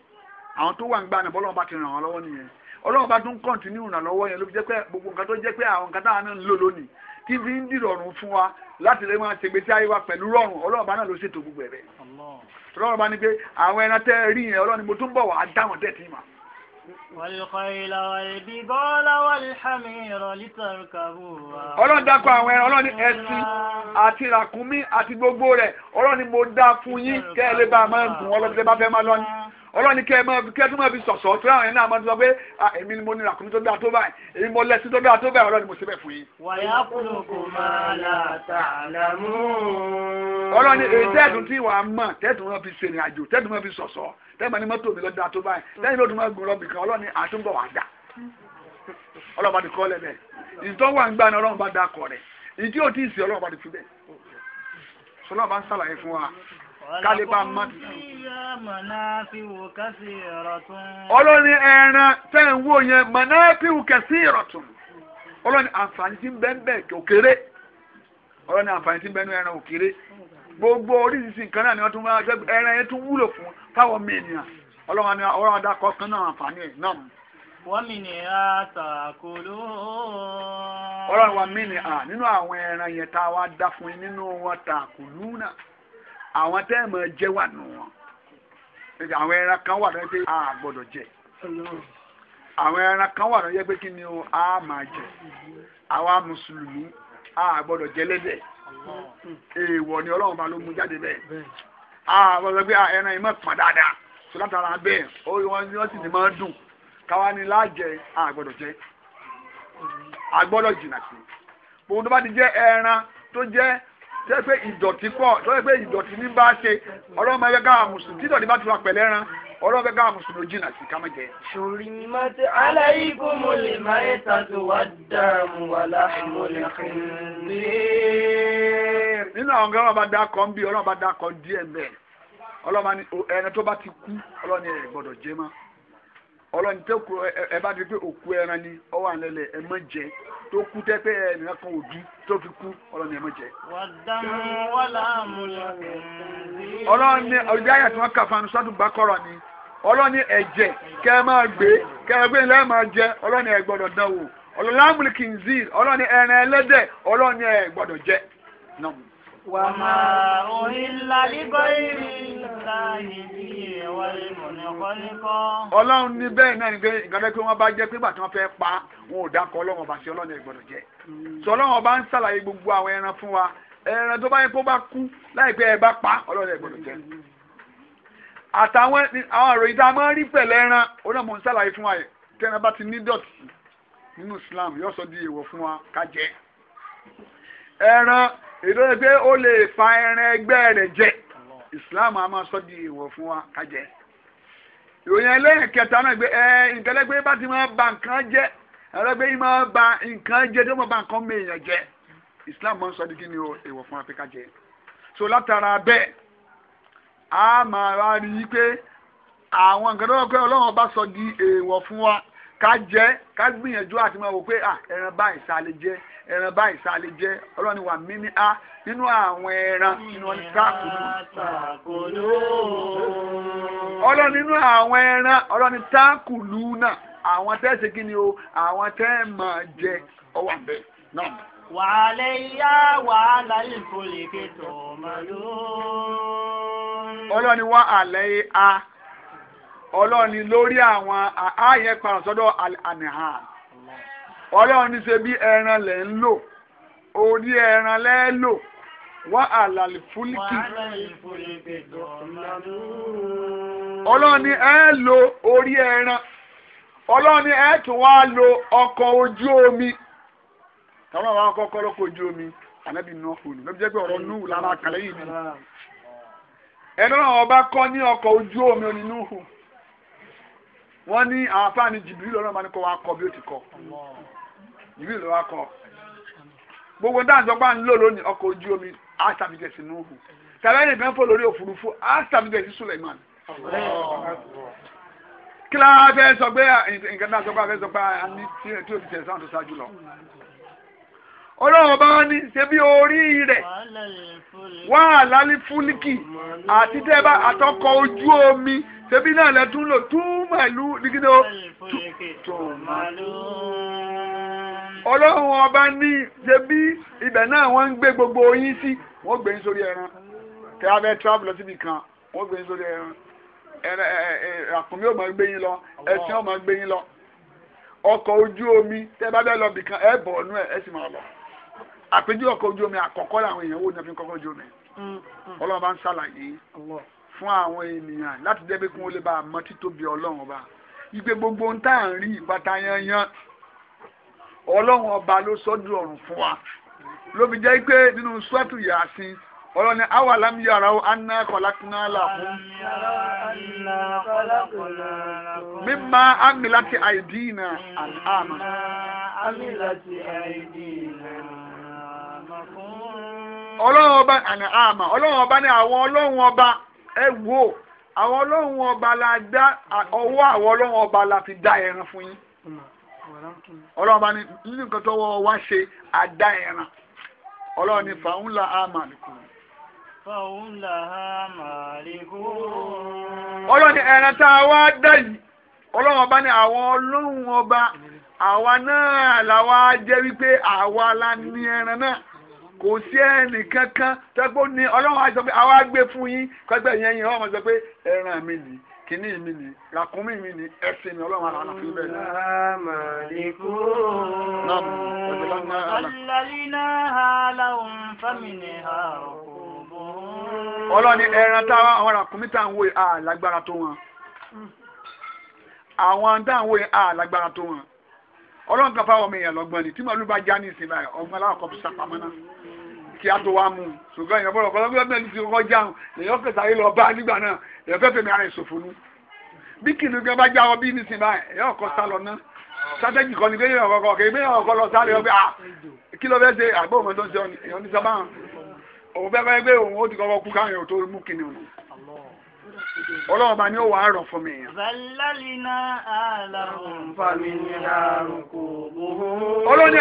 àwọn tó wà ń gbà náà bọ́lọ́run bá ti ràn wọ́n lọ́wọ́ nìyẹn ọlọ́run bá tún kọ́ntínú ìrànlọ́wọ́ yẹn ló fi jẹ́ pé gbogbo nǹkan tó jẹ́ pé àwọn nǹkan táwọn náà ń lò lónìí tí fi ń dìrọ̀rùn fún wa láti lè máa ṣègbésí ayé wa pẹ̀lú rọrùn ọlọ́run bá náà ló ṣètò gbogbo ẹ̀rẹ́ ọlọ́run bá ní pé àwọn ẹran tẹ́ rí yẹn ọlọ́run ni mo tún bọ̀ wá dáwọn tẹ̀ tí mà ọlọ́run dákọ̀ àwọn ẹran ọlọ́run ẹṣin àti ràkúnmí àti gbogbo rẹ̀ ọlọ́run ni mo dá fún yín kẹ́ ẹ lè bá a máa gùn ọlọ́run tẹ́ bá fẹ́ máa lọ́yìn ọlọ́ni kẹ́ ẹ máa kẹ́ ẹ tún máa fi sọ̀sọ̀ tó àwọn yẹn náà máa ti sọ pé èmi ni mo ní ràkúnmí tó dáa tó báyìí èmi mo lẹ́sí tó dáa tó báyìí ọlọ́ni mo ṣe bẹ́ẹ̀ fún yín. wàyà kúlùkù máa là tààlámù. ọlọ́ni èyí tẹ́ẹ̀dùn tí wàá mọ̀ tẹ́ẹ̀dùn máa fi ṣe àjò tẹ́ẹ̀dùn máa fi sọ̀sọ̀ tẹ́ẹ̀mọ̀ ni mọ́tò mi lọ dáa tó báyìí tẹ́ẹ̀dùn ló tún máa gbòòrò bìkan ọlọ́ni àtúbọ̀ wà dà ọlọ́ba ti kọ́ lẹ́bẹ̀ẹ́ ìtọ́ wà ń gbà ní ọlọ́run bá kálíbà mọ́tò. ọlọ́ni ẹran tẹ́ ń wò yẹn mọ̀nàfíwù kẹsí ìrọ̀tún ọlọ́ni àǹfààní ti bẹ́ẹ̀ bẹ́ẹ̀ ọlọ́ni àǹfààní ti bẹ́ẹ̀ ẹran gbogbo oríṣiríṣi nǹkan ni wọ́n tún máa ẹran yẹn tún wúlò fún fáwọn mìíràn ọlọ́wọ́n ni náà àǹfààní ẹ̀ náà. wọ́n mi ẹran yẹn tá a wá dá àwọn tẹ́ ẹ̀ jẹ́ wà nù àwọn ẹran kan wà lọ́jọ́ pé gbọ́dọ̀ jẹ àwọn ẹran kan wà lọ́jọ́ pé kí ni o a máa jẹ àwa mùsùlùmí a gbọ́dọ̀ jẹ lẹ́dẹ̀ èèwọ̀ ni ọlọ́run bá ló mú jáde bẹ́ẹ̀ a gbọ́dọ̀ pé ẹran yìí mọ̀ pọ̀ dáadáa tó látara bẹ́ẹ̀ wọ́n sì ti máa dùn káwa ni láàjẹ gbọ́dọ̀ jẹ tó yẹ pé ìdọ̀tí pọ̀ tó yẹ pé ìdọ̀tí ní bá ṣe ọlọ́run máa yẹ káwọn mùsùlùmí tí ìdọ̀tí bá ti wà pẹ̀lẹ́ ran ọlọ́run fẹ́ káwọn mùsùlùmí jìnnà sí ká má jẹ. ṣòrí máa ti aláyí kó mo lè má yẹ tàbí wà dààmú wà láàmú lè nínú àwọn bá dákọ̀ ń bí ọlọ́run bá dákọ̀ díẹ̀ bẹ́ẹ̀ ọlọ́run ẹni tó bá ti kú ọlọ́run ẹ̀ gbọ́dọ̀ jẹ́ máa ọlọ́ni tẹ́ ẹ bá pé òkú ẹran ni ọ wà nílẹ̀ ẹ má jẹ tó kú tẹ́ pé ẹ nìkan kan òbí tó fi kú ọlọ́ni ẹ má jẹ. ọlọ́ni ọ̀dẹ́ àyà tí wọ́n kà fún anusadu bakọ́rọ̀ ni ọlọ́ni ẹ̀jẹ̀ kẹ́ ẹ máa gbé kẹ́ ẹ gbé ńlá ẹ máa jẹ ọlọ́ni ẹ gbọ́dọ̀ dán ọlọ́ni amúlikì ọlọ́ni ẹran ẹlẹ́dẹ̀ ọlọ́ni ẹ gbọ́dọ̀ jẹ náà. وما أهل لغير الله به والمنخلقة ọlọ́run ní bẹ́ẹ̀ náà ni pé ìgbàlẹ́ pé wọ́n bá jẹ́ pé bàtí wọ́n fẹ́ pa wọn ò dákọ̀ ọlọ́run ọba sí ọlọ́run ìgbọ̀dọ̀ jẹ́ sọ ọlọ́run ọba ń ṣàlàyé gbogbo àwọn ẹran fún wa ẹran tó bá yẹ kó bá kú láìpẹ́ ẹ bá pa ọlọ́run ìgbọ̀dọ̀ jẹ́ àtàwọn àwọn ìròyìn tá a máa ń rí pẹ̀lẹ́ ẹran ọlọ́run mò ń ṣàlàyé fún wa tẹ́ran bá ti ní dọ̀tí nínú Islam yóò sọ di èèwọ̀ èdè pé ó lè fa ẹran ẹgbẹ́ rẹ̀ jẹ ìsìláàmù a máa sọ di èèwọ̀ fún wa ká jẹ ìròyìn ẹlẹ́yìn kẹta náà gbé ẹ nǹkan lẹ́gbẹ́ bá ti máa ba nǹkan jẹ ẹlẹ́gbẹ́ yìí máa ba nǹkan jẹ tó máa ba nǹkan mèèyàn jẹ ìsìláàmù máa sọ di kí ni o èèwọ̀ fún wa pé ká so látara bẹ́ẹ̀ a máa rí i pé àwọn nǹkan tó wọ́n pé ọlọ́run ọba sọ di èèwọ̀ fún wa ká jẹ ká gbìyànjú àti máa wò pé ah, ẹran báyìí sáà lè jẹ ẹran báyìí sáà jẹ ọlọ́run ni wà mí ní a ah, nínú àwọn ẹran nínú ọdún táàkùlù ọlọ́run nínú àwọn ẹran ọlọ́run ni náà àwọn tẹ́ ṣe kí ni o àwọn tẹ́ máa jẹ ọwọ́ àbẹ náà. wàhálà ìyá wàhálà ìfòlè kẹtọ̀ ọmọ ọlọ́run ni wà a ọlọ́run ni lórí àwọn ààyè padà sọ́dọ̀ àníhàn ọlọ́run ní ṣe bí ẹran lẹ̀ ń lò orí ẹran lẹ́ lò wá àlàlì fúlíkì ọlọ́run ni ẹ lo orí ẹran ọlọ́run ni ẹ tún wá lo ọkọ̀ ojú omi táwọn àwọn akọ́kọ́ lọ́kọ̀ ojú omi ànábì nù ọ̀hún lọ́bi jẹ́ pé ọ̀rọ̀ nù lára àkàlẹ́ ni ẹ̀rọ náà ọba kọ́ ní ọkọ̀ ojú omi onínú wọ́n ní àwọn afáàní jìbìrì lọ́rọ̀ máa ní kó wa kọ bí ó ti kọ jìbìrì lọ́wọ́ akọ gbogbo dáńsọ́gbà ń lò lónìí ọkọ̀ ojú omi á sàbíjẹ̀sì nùhù tàbẹ́ẹ̀lì bẹ́ẹ̀ fọ́ lórí òfurufú á sàbíjẹ̀sì Suleiman kílá fẹ́ sọ pé nǹkan náà sọ pé sọ pé a ní tí o ti tẹ̀sán tó ṣáájú lọ. ọlọ́run bá ní ṣe bí orí rẹ̀ wà lálẹ́ fúlíkì àti tẹ́bà àtọkọ̀ ojú omi ṣebí náà lẹ tún lò tún màlú dígínà ó ọlọ́run ọba ní ṣebí ibẹ̀ náà wọ́n ń gbé gbogbo oyin sí wọ́n gbé yín sórí ẹran tẹ́ a fẹ́ travel lọ síbi kan wọ́n gbé yín sórí ẹran àkùnmí ò máa gbé yín lọ ẹṣin ò máa gbé yín lọ ọkọ̀ ojú omi tẹ́ bá bẹ́ẹ̀ lọ bìkan ẹ bọ̀ ọ̀nú ẹ̀ ẹ sì máa lọ àpèjì ọkọ̀ ojú omi àkọ́kọ́ làwọn èèyàn wò ní ọ̀fìn kọ́kọ́ ojú omi mm, mm. ọlọ́run bá ń ṣàlàyé fún àwọn ènìyàn láti jẹ́ pé kí wọ́n lè bá a mọ títóbi ọlọ́run ọba ìgbé gbogbo ń tà ń rí ìpàtà yanyan ọlọ́run ọba ló sọ́dún ọ̀run fún wa ló jẹ́ pé nínú sọ́ọ̀tù yàásín ọ̀rọ̀ ni awa lam yàrá o anna kọlákùnà làkún. mímá amílàtì àìdínà àmà. amílàtì àìdínà àmà fún. ọlọ́run ọba àmà ọlọ́run ọba ni àwọn ọlọ́run ọba ẹ wo àwọn ọlọ́run ọba la dá ọwọ́ àwọn ọlọ́run ọba la fi dá ẹran fún yín ọlọ́run bá ní nínú nǹkan tọ́wọ́ wá ṣe àdá ẹran ọlọ́run ní fàún là á màlìkù. fàún là á màlìkù. ọlọ́run ní ẹran tá a wá dá yìí ọlọ́run ọba ní àwọn ọlọ́run ọba àwa náà làwa jẹ́ wípé àwa la ní ẹran náà kò sí ẹnì kankan tẹ́gbó ni ọlọ́run á sọ pé àwa gbé fún yín kọ́gbẹ́ yẹn yín ọmọ sọ pé ẹran mi nì kìíní mi nì ràkúnmí mi nì ẹsẹ̀ mi ọlọ́run àwọn àfi bẹ́ẹ̀. màlìkú ọ̀làlínà aláwọ̀ fámìlì ọlọ́ni ẹran táwa àwọn ràkúnmí tá à ń wò yìí àlágbára tó wọn àwọn tá à ń wò yìí àlágbára tó wọn ọlọ́run kan fáwọn ọmọ èèyàn lọ́gbọ́n ni tí màlúù bá já ní ìsìn báyìí ọgbọ́n aláwọ̀ kọ́ fi sàpamọ́ náà kí á tó wá mú un ṣùgbọ́n èèyàn bọ̀rọ̀ kọ́lọ́ gbọ́dọ̀ ní ti kọ́kọ́ jáun lèyàn kẹta yìí lọ bá nígbà náà èèyàn fẹ́ fẹ́mi ara ìṣòfò nu bí kìnnìún gan bá já ọ bí nísìn báyìí èèyàn kọ́ sá lọ ná sátẹ́jì kan ní pé èèyàn kọ́kọ́ kì í pé èèyàn kọ́ lọ sáré ọbẹ̀ kí ló fẹ́ ṣe àgbọ̀ òun tó ń ṣe èèyàn ní sábà òun fẹ́ fẹ́ gbé òun ó ti ọlọ́wọ́ bá ní ó wà á rọ̀ fún mi. Bàlálínà àlàrùn fàmí ní àrùkù gbogbo.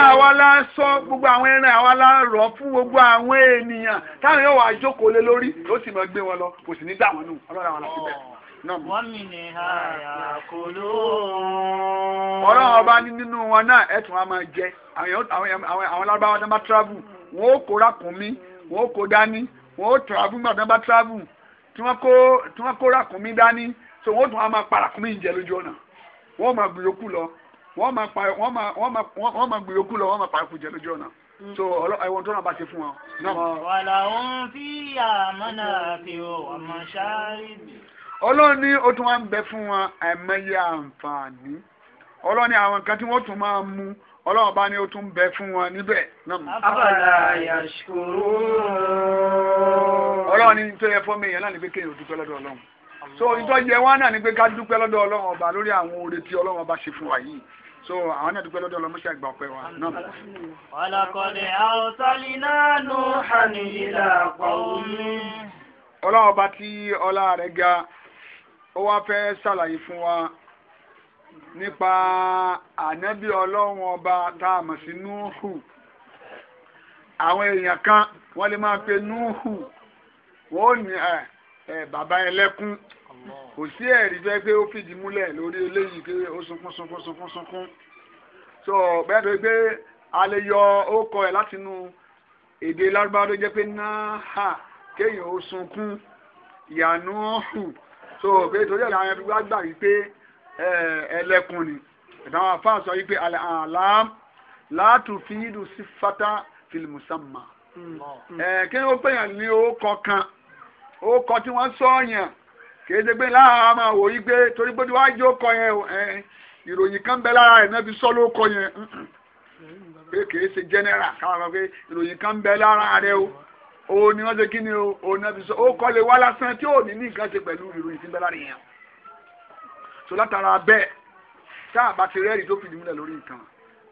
àwa la sọ gbogbo àwọn ẹran àwa la rọ̀ fún gbogbo àwọn ènìyàn táwọn yóò wá jókòó lé lórí ló sì máa gbé wọn lọ kò sì ní dà wọn nù ọlọ́run àwọn àti bẹ́ẹ̀. Wọ́n mi ní àyàkóló. Ọlọ́run ọba ní nínú wọn náà ẹ̀ tún máa jẹ. Àwọn lábáwá tó bá travel, wọ́n ó kó rákùnmí, wọ́n ó kó dání, wọ́n ó travel gbàdán bá travel tí wọ́n kó tí dání so wọ́n tún wọ́n máa pa ràkúnmí jẹ lójú ọ̀nà wọ́n máa gbìyókù lọ wọ́n máa pa wọ́n máa gbìyókù lọ wọ́n máa pa ikú jẹ lójú ọ̀nà hmm. so ẹ̀wọ̀n tó náà bá ṣe fún wọn. wàlà òun fi àmọ́nà fi ọmọ ṣáàrìbì. ọlọ́run ní ó tún wá ń bẹ fún wọn àìmọye àǹfààní ọlọ́run ní àwọn nǹkan tí wọ́n tún máa mú ọlọ́run bá ní ó tún bẹ fún wọn níbẹ̀. abala yashkuru ọlọ́run ní tó yẹ fún mi yẹn náà ni pé kéèyàn dúpẹ́ lọ́dọ̀ ọlọ́run so ìjọ yẹ wá náà ni pé ká dúpẹ́ lọ́dọ̀ ọlọ́run ọba lórí àwọn oore tí ọlọ́run ọba ṣe fún wa yìí so àwọn náà dúpẹ́ lọ́dọ̀ ọlọ́run ṣe àgbà ọpẹ́ wa náà. ọlọ́kọ̀dé àwòsálínà ló hàn ìlà pọ̀ ọlọ́run ọba tí ọlá rẹ̀ ga ó wá fẹ́ ṣàlàyé fún wa nípa ànábì ọlọ́run ọba tá a mọ̀ sí núhù àwọn èèyàn kan wọ́n lè máa pe núhù wọ́n ní bàbá ẹlẹ́kún kò sí ẹ̀rí fẹ́ pé ó fìdí múlẹ̀ lórí eléyìí pé ó sunkún sunkún sunkún sunkún so bẹ́ẹ̀ tó pé a lè yọ ókọ ẹ̀ látinú èdè lárúbáwá tó jẹ́ pé náà hà kéèyàn ó sunkún ìyànú ọ̀hún so pé torí ọ̀la àwọn ẹgbẹ́ gbà wípé ẹlẹ́kùn ni ìtàwọn afáà sọ wípé àlá látùfíìdù sí fata fìlìmùsàmà hmm. ẹ̀ kéèyàn ó pèyàn ní ókọ kan ó kọ tí wọ́n sọ yàn kìí ṣe pé láàárọ̀ máa wò yí pé torí pé wọ́n á jó kọ yẹn ìròyìn kan bẹ lára ẹ̀ náà fi sọ ló kọ yẹn pé kìí ṣe general káwọn kan pé ìròyìn kan bẹ lára rẹ o òun ni wọ́n ṣe kí ni o òun náà fi sọ ó kọ́ lè wá lásán tí ò ní ní nǹkan ṣe pẹ̀lú ìròyìn tí ń bẹ lára yẹn so látara bẹ́ẹ̀ tá a bá ti rẹ́rìí tó fìdí múlẹ̀ lórí nǹkan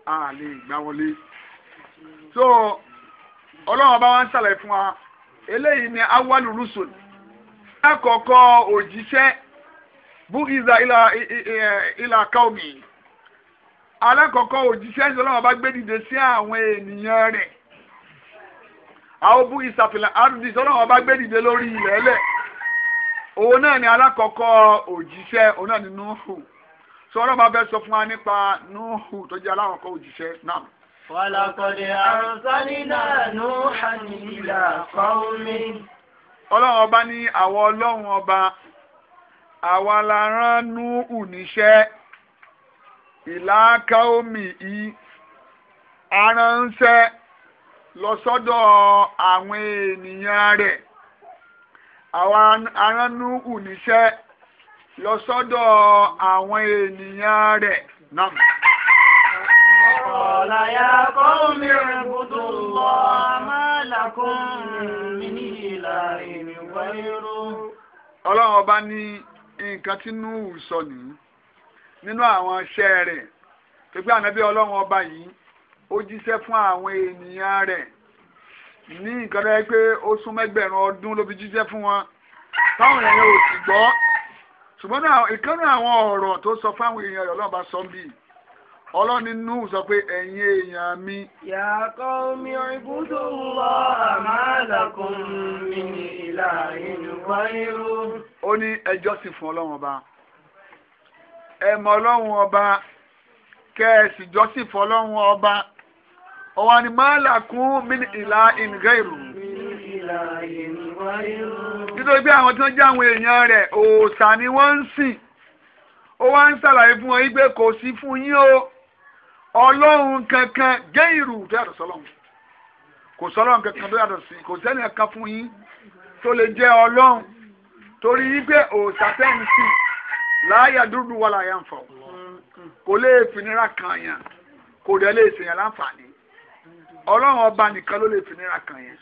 a lè gbá wọlé so ọlọ́run ọba wa ń ṣàlàyé fún wa eléyìí ni awalu rusul àkọ́kọ́ òjíṣẹ́ bú ìzà ìlà kaomi alákọ̀ọ́kọ́ òjíṣẹ́ ìṣọlọ́wọ́ bá gbé dìde sí àwọn ènìyàn rẹ̀ àwọn bú ìsàfihàn àrùdí ìṣọlọ́wọ́ bá gbé dìde lórí ilẹ̀ ẹlẹ̀ òun náà ni alákọ̀ọ́kọ́ òjíṣẹ́ òun náà ni nuhu sọ ọlọ́run bá fẹ́ sọ fún wa nípa nuhu tó jẹ́ alákọ̀ọ́kọ́ òjíṣẹ́ náà. ولقد أرسلنا نوحا إلى قومه ọlọ́run ọba ní àwọn ọlọ́run ọba àwa la rán núhù níṣẹ́ ìlàkàómì yìí aránṣẹ́ lọ sọ́dọ̀ àwọn ènìyàn rẹ̀ àwa arán núhù níṣẹ́ lọ sọ́dọ̀ àwọn ènìyàn rẹ̀ náà. قال يا قوم اعبدوا الله ما لكم من إله غيره ọlọ́run ọba ní nǹkan tí Nuhu sọ nìyí nínú àwọn iṣẹ́ rẹ̀ tó gbé ànábí ọlọ́run ọba yìí ó jíṣẹ́ fún àwọn ènìyàn rẹ̀ ní nǹkan tó yẹ pé ó sún mẹ́gbẹ̀rún ọdún ló fi jíṣẹ́ fún wọn táwọn èèyàn ò sì gbọ́ ṣùgbọ́n ìkànnì àwọn ọ̀rọ̀ tó sọ fáwọn èèyàn ọlọ́run ọba sọ ń ọlọ́run nínú sọ pé ẹ̀yin èèyàn mi. yàtọ̀ omi ìbúdó wọ àmàlàkùn mi ní ìlà ìlú wáyérú. ó ní ẹjọ́ sì fún ọlọ́run ọba ẹ mọ ọlọ́run ọba kẹ́ ẹ sì jọ́sìn fún ọlọ́run ọba ọwọ́ ni màálàkùn mi ní ìlà ìlú gẹ́rù. nítorí pé àwọn tí wọ́n jẹ́ àwọn èèyàn rẹ̀ òòṣà ni wọ́n ń sìn ó wá ń ṣàlàyé fún wọn yí pé kò sí fún yín o ọlọ́run kankan jẹ́ ìrù tó yàtọ̀ sọlọ́run kò sọlọ́run kankan tó yàtọ̀ sí kò sẹ́ni kankan fún yín tó lè jẹ́ ọlọ́run torí wípé òòṣà tẹ́yìn sí láàyà dúdú wà láyà ń fọ̀ kò lè fìnira kan yàn kò dẹ̀ lè ṣèyàn láǹfààní ọlọ́run ọba nìkan ló lè fìnira kan yẹn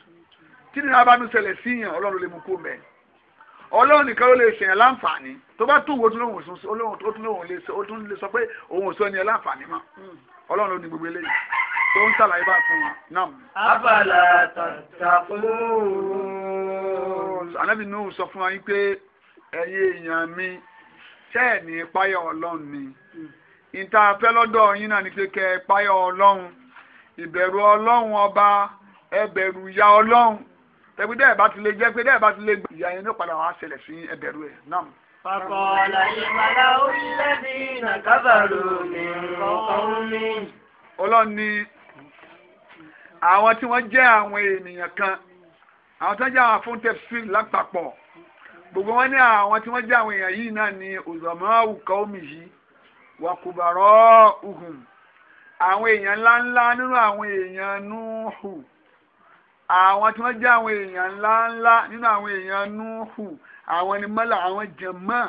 tí nira bá ń ṣẹlẹ̀ sí yàn ọlọ́run ló lè mú kó mẹ́ ọlọ́run nìkan ló lè ṣèyàn láǹfààní tó bá tún wo tún lóhùn sọ pé òun sọ ẹni ẹ láǹfààní mọ́ ọlọ́run ló ní gbogbo eléyìí tó ń ṣàlàyé bá fún wa náà. abala tàkùn. ànábì Nuhu sọ fún wa yín pé ẹ̀yin èèyàn mi tẹ́ẹ̀ni páyọ̀ ọlọ́run ni hmm. ìta afẹ́ lọ́dọ̀ yín náà ni pé kẹ́ ẹ páyọ̀ ọlọ́run ìbẹ̀rù ọlọ́run ọba ẹbẹ̀rù ìyá ọlọ́run tẹ̀gbẹ́dẹ́ ẹ̀ bá ti lè jẹ́ pé dẹ́ bá ti lè gbà ìyá yẹn ló padà wá ṣẹlẹ̀ sí ẹbẹ̀rù ẹ̀ náà. فقال الملأ الذين كفروا من قومه ọlọ́run ni àwọn tí wọ́n jẹ́ àwọn ènìyàn kan àwọn tí wọ́n jẹ́ àwọn fún tefsir lápapọ̀ gbogbo wọn ní àwọn tí wọ́n jẹ́ àwọn èèyàn yìí náà ni òzòmọ́wù kọ́ọ̀mì yìí wà kùbàrọ̀ uhùn àwọn èèyàn ńláńlá nínú àwọn èèyàn núhù àwọn tí wọ́n jẹ́ àwọn èèyàn ńláńlá nínú àwọn èèyàn núhù àwọn ni mọ́là àwọn jẹ̀mọ́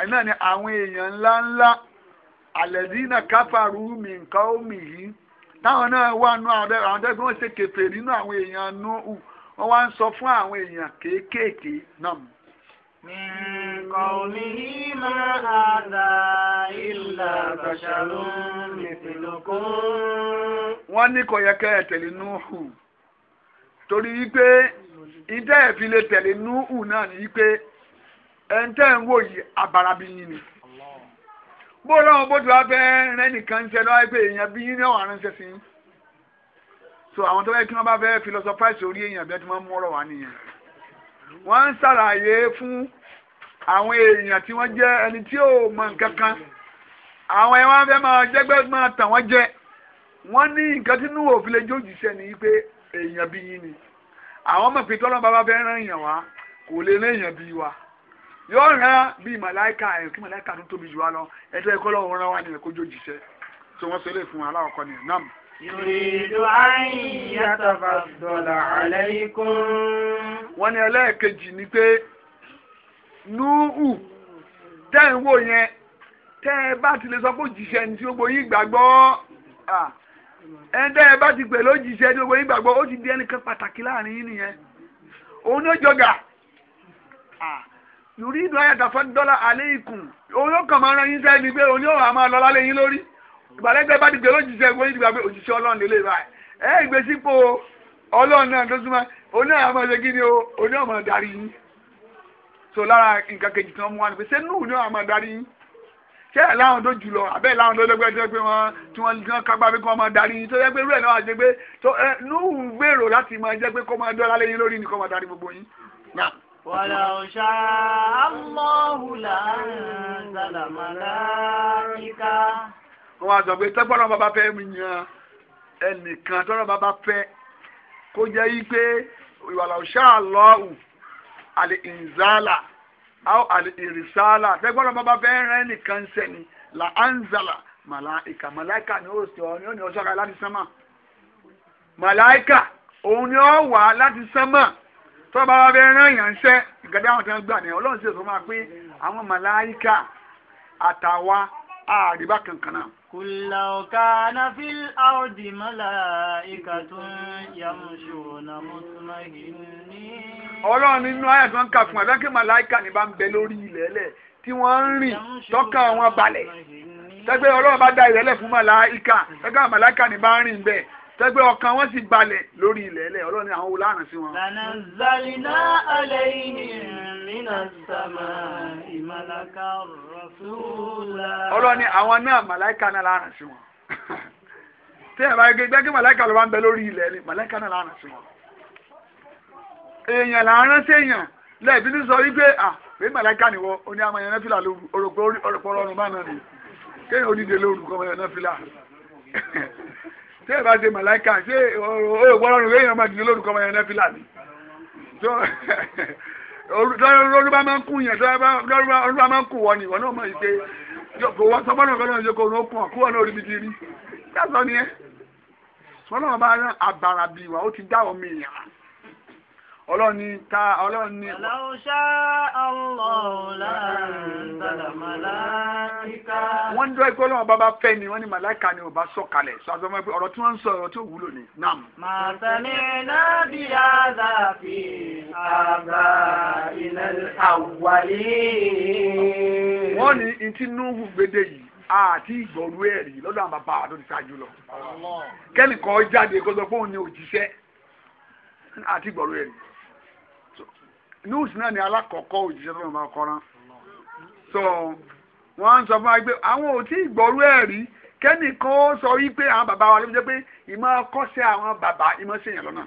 àná ni àwọn èèyàn ńláńlá àlẹ́dínà káfàrú mi nǹkan omi yìí táwọn náà wà nù àwọn tẹ́gbẹ́ wọn ṣe kẹfẹ́ nínú àwọn èèyàn nù wọ́n wá ń sọ fún àwọn èèyàn kéékèèké náà. من قومه ما هذا إلا بشر مثلكم wọ́n ní kò yẹ kẹ́ ẹ tẹ̀lé Núhù torí wípé ìtẹ́ ẹ̀ fi lè tẹ̀lé núhù náà ní pé ẹ̀ńtẹ́ ń wò yìí abarabi yín ni bó lọ́wọ́ bó ti wá fẹ́ rẹ́nìkan ṣe lọ́wọ́ pé èèyàn bí yín náà wà ránṣẹ́ sí so àwọn tó fẹ́ kí wọ́n bá fẹ́ philosophize orí èèyàn bẹ́ẹ̀ tí wọ́n mú ọ̀rọ̀ wá nìyẹn wọ́n ń ṣàlàyé fún àwọn èèyàn tí wọ́n jẹ́ ẹni tí ò mọ nǹkan kan àwọn ẹ̀ wọ́n fẹ́ máa jẹ́gbẹ́ máa tàn wọ́n jẹ wọ́n ní nǹkan ni àwọn mọ̀ pé tọ́lọ́ bàbá bẹ́ẹ̀ rán èèyàn wá kò lè rán èèyàn bíi wa yóò rán bíi màláìka ẹ̀ kí màláìka tó tóbi jù wá lọ ẹ̀tọ́ ẹ̀kọ́ lọ́wọ́ rán wá ní ẹ̀kọ́ jó jìṣẹ́ tí wọ́n ṣe lè fún aláwọ̀kọ́ ni nam. yòrìdù àyíyàtàfà dọ̀là àlẹ́yìnkún. wọ́n ní ẹlẹ́ẹ̀kejì ni pé núhù tẹ́ ń wò yẹn tẹ́ bá ti lè sọ pé òjìṣẹ́ ní tí gbogbo yín gbàgbọ́ ẹ̀ńdẹ́ ẹ bá ti pè lójíṣẹ́ ní gbogbo yín gbàgbọ́ ó ti di Onye pàtàkì láàrin yín nìyẹn òun ló jọgà yorì ìdúrà yàtọ̀ fọ́dọ́là alẹ́ ikùn òun ló kàn máa ran yín sẹ́ni pé òun yóò máa lọ lálẹ́ yín lórí ìgbàlẹ́gbẹ́ bá ti pè yín gbàgbé ọlọ́run báyìí ẹ ọlọ́run náà tó súnmọ́ òun náà ṣe kí ni o òun so lára ṣé ẹ̀ láwọn tó jùlọ àbẹ́ láwọn tó lẹ́gbẹ́ tó pé wọ́n tí wọ́n gan kápá pé kí wọ́n darí yín tó yẹ pé irú ẹ̀ náà àti pé tó ẹ lóhùn gbèrò láti máa jẹ́ pé kó máa dọ́lá lé yín lórí ni kó máa darí gbogbo yín. wàlà ọ̀ṣà àmọ́hùlà ṣàlàmàlà kíkà. wọ́n wá sọ pé tẹ́gbọ́n bàbá fẹ́ mi yan ẹnìkan tọ́rọ̀ bàbá fẹ́ kó jẹ́ yí pé ìwàlà ọ̀ṣà àlọ́ aw ìrìsàlà fẹgbọdọ bàbá bẹ́ẹ̀ rẹ nìkan sẹni la anzala malaika malaika ni ó sọ ni ó ní ọsọ ara láti sánmà malaika òun ni ó wà láti sánmà tó bàbá bẹ́ẹ̀ rẹ yànṣẹ ìgbàdí àwọn tó ń gbà ní Ọlọ́run sì sọ máa pé àwọn malaika àtàwa àríbá kankan náà. قل لو كان في الأرض ملائكة يمشون مطمئنين ọlọ́run nínú ayé kan kà fún abẹ́kí màláìka ní bá ń bẹ lórí ilẹ̀ ẹlẹ̀ tí wọ́n ń rìn tọ́ka wọn balẹ̀ sẹ́gbẹ́ ọlọ́run bá dá ilẹ̀ ẹlẹ̀ fún màláìka sẹ́gbẹ́ màláìka ní bá ń rìn bẹ́ẹ̀ tẹgbẹ́ ọkàn wọn sì balẹ̀ lórí ilẹ̀ ẹlẹ́ ọlọ́run ni àwọn wo sí wọn. lànà zalina alayhim minas malaka rasula. ọlọ́run ni àwọn náà màláìka náà láàrin sí wọn. tí ẹ̀ bá gbé gbẹ́gbẹ́ màláìka ló bá ń bẹ lórí ilẹ̀ ẹlẹ́ màláìka náà sí wọn. èèyàn là ń rán séèyàn ní sọ wípé à pé ni wọ́n ó ní àmọ́ yẹn fìlà lóru orògbò ṣé ẹ bá ṣe màláìka ṣé ògbọ́nrún èèyàn máa dìde lórúkọ ọmọ yẹn náà fìlà ni lọ́rùbá máa ń kún yẹn lọ́rùbá máa ń kún wọ ni ìwọ náà mọ̀ yìí pé kò wọ́n sọ bọ́lá ọ̀gọ́dọ̀ yẹ kó ló kún ọ̀kú ọ̀nà orí bìtì rí dáṣọ ni ẹ sọ́nà ọba abàràbì wa ó ti dá ọmọ èèyàn ọlọ́ni ká ọlọ́ni ọlọ́ṣà wọ́n ń dọ́ ẹgbẹ́ ọlọ́run bá bá fẹ́ ni wọ́n ní màláìka ni ò bá sọ̀kalẹ̀ sọ àzọmọ ẹgbẹ́ ọ̀rọ̀ tí wọ́n ń sọ ọ̀rọ̀ tí ò wúlò ni. màtàní nábì àdàfi àbá ilẹ̀ àwàlí. wọ́n ní ìtì núhù gbédè yìí àti ìgbọ̀rú ẹ̀rí lọ́dọ̀ àwọn bàbá àdó ti ṣáájú kẹ́nìkan jáde kó sọ pé òun ni òjíṣẹ́ àti ìgbọ̀rú ẹ̀rí. news náà ni alákọ̀ọ́kọ́ òjíṣẹ́ tó máa so wọ́n sọ fún wa pé àwọn ò tí ì gbọ́rú ẹ̀ sọ wípé àwọn bàbá wa ló jẹ́ pé ìmọ̀ kọ́sẹ̀ àwọn bàbá ìmọ̀ ṣèyàn lọ́nà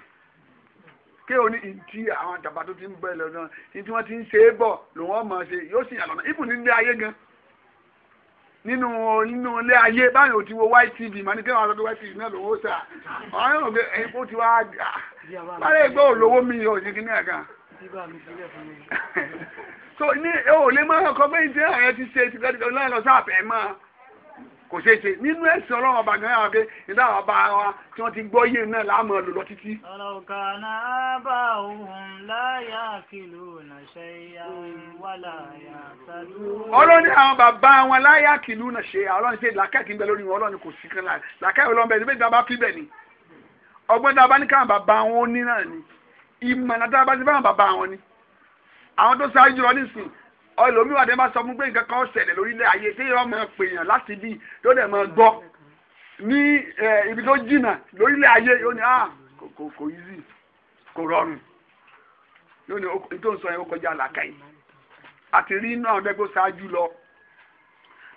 kí o ní ìdí àwọn bàbá tó ti ń bọ̀ lọ́nà wọ́n ti ń ṣe é bọ̀ lòun ọmọ ṣe yóò lọ́nà ayé gan nínú nínú ilé ayé báyìí ò ti wo YTV màá ní kí YTV náà lòun ó sà ọ̀hún kó ti ah, mi so ní o lè máa kọ pé ìdílé ààrẹ ti ṣe ti gbẹ́dẹ̀ gbẹ́dẹ̀ láàrín ọ̀sán àfẹ́ máa kò ṣeé ṣe nínú ẹ̀sìn ọlọ́run ọba gan-an yàrá pé nígbà wà bá wa tí wọ́n ti gbọ́ yé náà láàmú lò lọ títí. ọ̀rọ̀ kan bá òun láyà kìlò nàṣẹ ìyá wà láyà sálú. ọlọ́ni àwọn bàbá wọn láyà kìlò nàṣẹ ọlọ́ni ṣe làákàtì ń bẹ lórí wọn ọlọ́ni kò sí kan láàyè làákàtì ọlọ́run bẹ ẹ̀dẹ́gbẹ́ta bá fi bẹ̀ ni ọgbọ́n tá a bá ní káwọn bàbá wọn ó ní náà ni ìmọ̀nà tá a bá ti bá wọn bàbá wọn ni àwọn tó ṣáájú lọ nísìn ọlọmíwà dé máa sọ fún pé nǹkan kan ṣẹlẹ̀ lórílẹ̀ ayé tí yọ máa pèèyàn láti bí tó dẹ̀ máa gbọ́ ní ibi tó jìnnà lórílẹ̀ ayé yóò ní à ah, kò kò easy kò rọrùn yóò ní tó ń sọ yẹn ó kọjá làákàyè àti rí inú àwọn dẹ́gbó ṣáájú lọ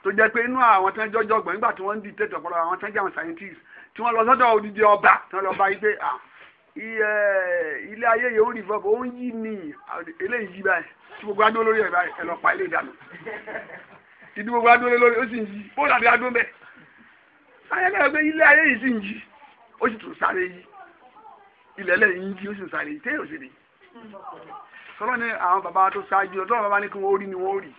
tó jẹ́ pé inú àwọn tí wọ́n jọjọ́ gbọ̀n nígbà tí wọ́n ń di tètè ọ̀pọ̀lọpọ̀ àwọn tí wọ́n jẹ́ àwọn scientists tí wọ́n lọ sọ́dọ̀ odidi ọba tí wọ́n lọ bá yí pé ah ilé ayé yẹn ó rí fọ́ọ̀bù ó ń yí ni eléyìí yí báyìí tí gbogbo adó lórí ẹ̀ báyìí ẹ ilé ìdáná ìdí gbogbo adó lórí ó sì ń yí bóòlù àti adó bẹ́ẹ̀ ayẹlẹ ẹgbẹ ilé ayé yìí sì ń yí ó sì tún sáré yí ilẹ̀ ẹlẹ́ ń yí ó sì sáré yí sì rí ni àwọn bàbá tó ṣáájú bàbá ní kí rí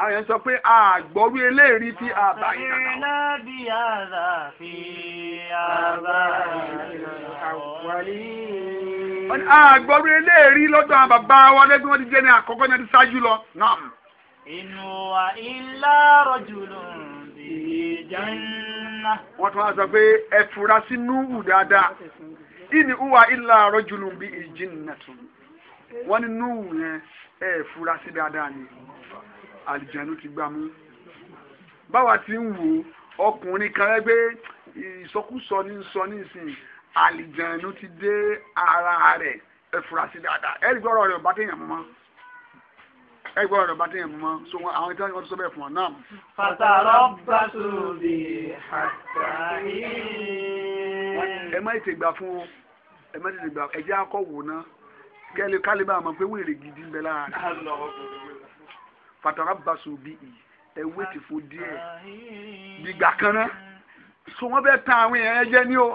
àwọn yẹn sọ pé àgbọ̀rú eléèrí tí a bá yìí nàná. ìrìnà bí àdá fi àbá ìwàlí. wọ́n ní àgbọ̀rú eléèrí lọ́dọ̀ àwọn bàbá wa lẹ́gbẹ́ wọn ti jẹ́ ní àkọ́kọ́ náà ti ṣáájú lọ. inú wa ilá rọ̀jùlù ìjànnà. wọ́n tún wá sọ pé ẹ sínú wù dáadáa ìní uwa ilá rọ̀jùlù bí ìjìnnà tún wọ́n ní núwù yẹn ẹ fura sí dáadáa ni àlìjẹ̀nu ti gbá mú báwa ti ń wò ọkùnrin kan rẹ pé ìsọkúsọ ní sọ ní ìsìn àlìjẹ̀nu ti dé ara rẹ̀ ẹ̀fúrasì dáadáa ẹ̀rí gbọ́rọ̀ rẹ̀ ọ̀bá téèyàn mọ́ ẹ̀rí gbọ́rọ̀ rẹ̀ ọ̀bá téèyàn mọ́ so wọn àwọn ìtàn ìwọ́n sọ bẹ́ẹ̀ fún ọ náà. fàtàrọ bá tóbi àtàrí. ẹ má tètè gbà fún o ẹ má tètè gbà ẹ jẹ́ akọ wò kẹ́lẹ́ kálíbà mọ̀ pé wèrè gidi ń bẹ lára pàtàkì abasu bí i ẹ wéètì fún díẹ̀ dìgbà kan náà so wọ́n fẹ́ tan àwọn èèyàn jẹ́ ní o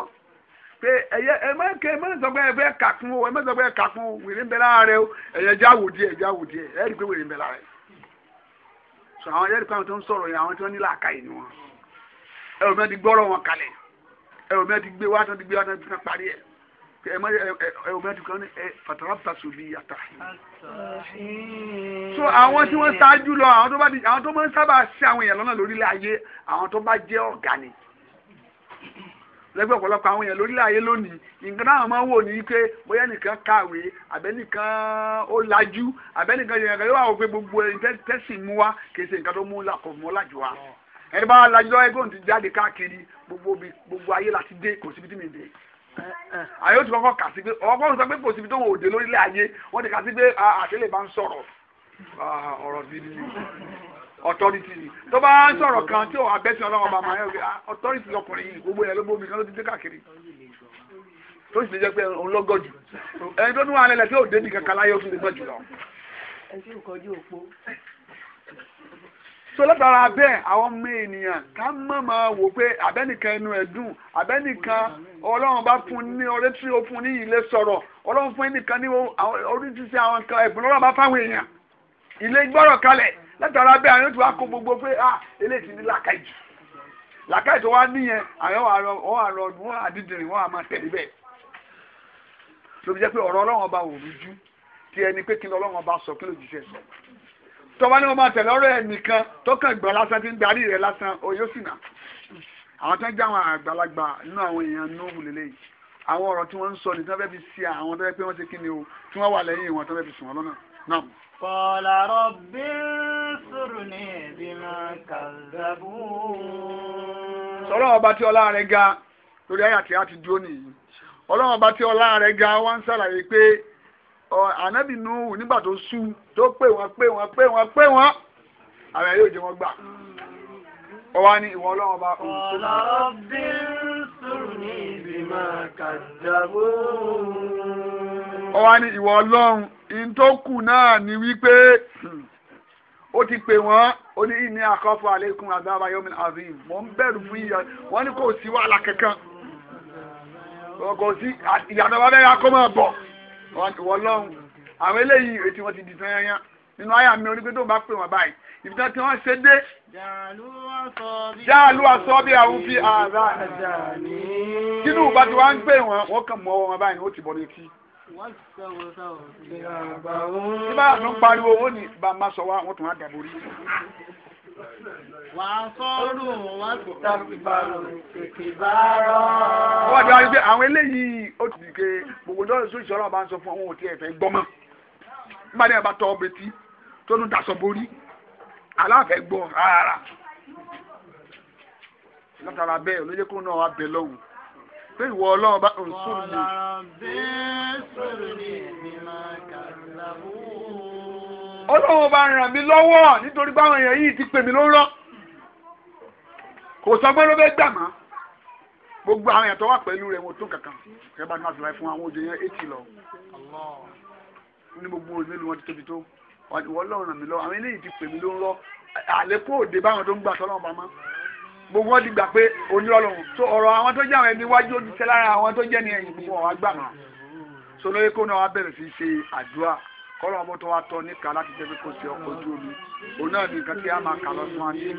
pé ẹyẹ ẹ má kẹ ẹ má sọ pé ẹ fẹ́ kà kún o ẹ má sọ pé ẹ kà kún o wèrè ń bẹ lára rẹ o ẹyẹ já wò díẹ̀ já wò díẹ̀ ẹ rí i pé wèrè ń bẹ lára rẹ so àwọn ẹyẹ kan tó ń sọ̀rọ̀ yẹn àwọn tó ń nílà àkàyè ni wọn ẹrù mẹ́ta ti gbọ́rọ̀ wọn kalẹ̀ ẹrù mẹ́ta ti gbé wá tán ti gbé wá tán ti parí ẹ̀ ẹ ẹ ẹ obìnrin ní ẹ fatara basu bi so àwọn tí wọ́n ṣáájú lọ àwọn tó bá di àwọn tó máa ń sábà ṣe àwọn èèyàn lọ́nà lórílẹ̀ ayé àwọn tó bá jẹ́ ọ̀gá ni lẹ́gbẹ̀ẹ́ àwọn èèyàn lórílẹ̀ ayé lónìí nǹkan náà máa ń wò ní pé bóyá nìkan kàwé àbẹ́nìkan ó lajú àbẹ́nìkan yẹn kan yóò wá wọ pé gbogbo ẹ̀ tẹ́sí mú wa kì í ṣe nǹkan tó mú làkọ̀ mọ́ lájú wa ẹni bá lajú lọ́wọ́ ẹgbẹ́ òun ti jáde káàkiri gbogbo ayé láti dé kò síbi tí mi dé àyè ó ti kọ́kọ́ kà sí pé ọgọ́rùn sọ pé kò síbi tó wò òde lórílẹ̀ ayé wọ́n ti kà sí pé àtẹ́lẹ̀ bá ń sọ̀rọ̀ ọ̀rọ̀ sí ni authority ni tó bá ń sọ̀rọ̀ kan tí òun abẹ́sí ọlọ́wọ́ bá máa ń yọ authority lọkùnrin yìí gbogbo yẹn ló bómi kan ló ti dé káàkiri tó sì jẹ́ pé òun lọ́gọ́ jù ẹni tó ní wàhálà ẹ̀ tí ò débi kankan láyé ó tún lè gbọ́ jù lọ. ẹ so látara bẹ́ẹ̀ àwọn ọmọ ènìyàn ká mọ̀ máa wò pé abẹ́nìkan ẹnu ẹ̀ dùn abẹ́nìkan ọlọ́run bá fún ní ọ̀rẹ́ tí ó fún ní ilé sọ̀rọ̀ ọlọ́run fún ẹnìkan ní oríṣiríṣi àwọn nǹkan ẹ̀bùn lọ́rọ̀ bá fáwọn èèyàn ilé gbọ́rọ̀ kalẹ̀ látara bẹ́ẹ̀ àwọn yóò ti wá kó gbogbo pé ah eléyìí ti ní làákàyè jù làákàyè tó wá níyẹn àwọn àrọ wọn àrọ wọn àdídìrín wọn àmà tẹ̀lé bẹ́ẹ̀ lóbi jẹ́ pé ọ̀rọ̀ ọlọ́run ọba òrùjú ti ẹni pé kí ni ọlọ́run ọba sọ kí ló jíṣẹ́ sọ tọ́ba ní wọ́n máa tẹ̀lé ọ̀rọ̀ ẹ̀ nìkan tó kàn gbọ́ lásán tí ń darí rẹ̀ lásán oyó sì nà àwọn tó ń jẹ́ àwọn àgbàlagbà nínú àwọn èèyàn nóhù lélẹ́yìí àwọn ọ̀rọ̀ tí wọ́n ń sọ ní tí wọ́n fẹ́ fi ṣe àwọn tó fẹ́ pé wọ́n ṣe kí o tí wọ́n wà lẹ́yìn wọn tó fẹ́ fi sùn wọn lọ́nà náà. Qala rabbi surni bima kazzabun. sọ̀rọ̀ ọba tí ọlá rẹ̀ ga lórí ayàtí àti dúró nìyí ọlọ́run ọba tí ọlá rẹ̀ ga wọ́n ń ṣàlàyé pé ànábì Nuhu nígbà tó sú tó pè wọ́n pè wọ́n pè wọ́n pè wọ́n àwọn ẹ̀yọ́ òjò wọn gbà ọwá ní ìwọ ọlọ́run ọba ọwá ní ìwọ ọlọ́run in tó kù náà ni wípé ó ti pè wọ́n ó ní ìní àkọ́fọ́ àlékún àdáàbá yomi azim mò ń bẹ̀rù fún ìyá wọ́n ní kò sí wàhálà kankan kò sí ìyàtọ̀ bá bẹ́ẹ̀ akọ́ máa bọ̀ ọlọ́run àwọn eléyìí ètí wọn ti di tán yányá nínú àyà mi orí pé tó bá pè wọn báyìí ibi tí wọn ṣe dé. jáàlú aṣọ bí àwọn fi ààrà nàjà ní. kínú bá ti wá ń pè wọn wọn kàn mọ wọn báyìí ó ti bọ̀ létí. tí bá ń pariwo wọn ni bá a máa sọ wa wọn tún á dàbò rí wà á sọ́rùn wọn tàbíbarò kìkìbárọ̀. wọ́n ti wá rí pé àwọn eléyìí ó ti dìke gbogbo ìjọba ìṣòro ìṣòro ọba ń sọ fún àwọn òtí ẹ̀fẹ́ gbọ́mọ́ nígbà tí ẹ bá tọ ọ betí tó ń daṣọ borí aláfẹ́ gbọ́ rárá látara bẹ́ẹ̀ olóyèkúrú náà wà bẹ̀ lọ́wọ́ pé ìwọ ọlọ́run bá ń sùn ní. wọ́n á bí sùn ní mímọ́ kàlàbù ọlọ́run bá ràn mí lọ́wọ́ nítorí báwọn èèyàn yìí ti pè mí lóró kò sọgbọ́n ló fẹ́ gbà má gbogbo àwọn èèyàn tó wà pẹ̀lú rẹ̀ wọn ò tó kankan ẹ bá ní wàá fi láì fún àwọn òjò yẹn eighty lọ ní gbogbo òjò mélòó wọn ti tóbi tó ìwọ ọlọ́run ràn mí lọ́wọ́ àwọn eléyìí ti pè mí lóró àlékún òde báwọn tó ń gbà tọ́lọ́run bá má gbogbo wọn ti gbà pé onírọ̀lọ́run tó ọ̀rọ̀ àwọn tó jẹ́ àwọn ẹni wájú ojúṣe lára àwọn tó jẹ́ ni ẹ̀yìn gbogbo wọn wá gbà má sọlọ́yẹ́kọ́ náà wá bẹ̀rẹ̀ sí ṣe àdúrà kọ́lọ̀ ọmọ tó wá tọ́ níka láti jẹ́ pé kò sí ọkọ̀ ojú omi òun náà ní nǹkan tí a máa kà lọ fún wa ní.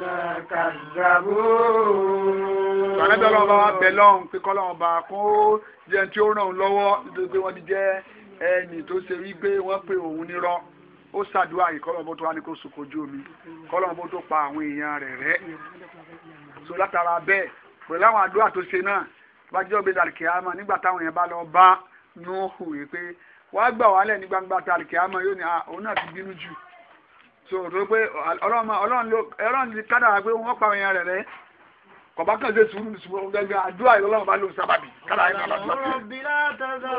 sọ̀rẹ́dọ̀ lọ́wọ́ bá wá bẹ lọ́hùn pé kọ́lọ̀ ọba kó jẹ́ tí ó ràn án lọ́wọ́ nítorí pé wọ́n ti jẹ́ ẹni tó ṣe wí pé wọ́n pe òun nírọ́ ó ṣàdúrà yìí kọ́lọ̀ ọmọ tó wá ní kó sùn kojú omi kọ́lọ̀ ọmọ tó pa àwọn èèyàn rẹ̀ rẹ́ so látara bẹ́ẹ̀ pẹ̀lú àwọn àdúrà tó ṣe náà wájú ọ̀gbẹ́dàlì kìámà nígbà táwọn èèyàn bá lọ bá Nuhu wí pé wàá gbà wálẹ̀ ní gbangba tàlìkì àmọ́ yóò ní òun náà ti bínú jù so tó pé ọlọ́run ti kádàrà pé wọ́n pa èèyàn rẹ̀ rẹ̀ kọ̀bá kan ṣe sùúrù sùúrù gẹ́gẹ́ àdúrà ìlọ́lọ́run bá ló ń sábàbí kádàrà yìí lọ́la tó. ọ̀bí látọ̀dọ̀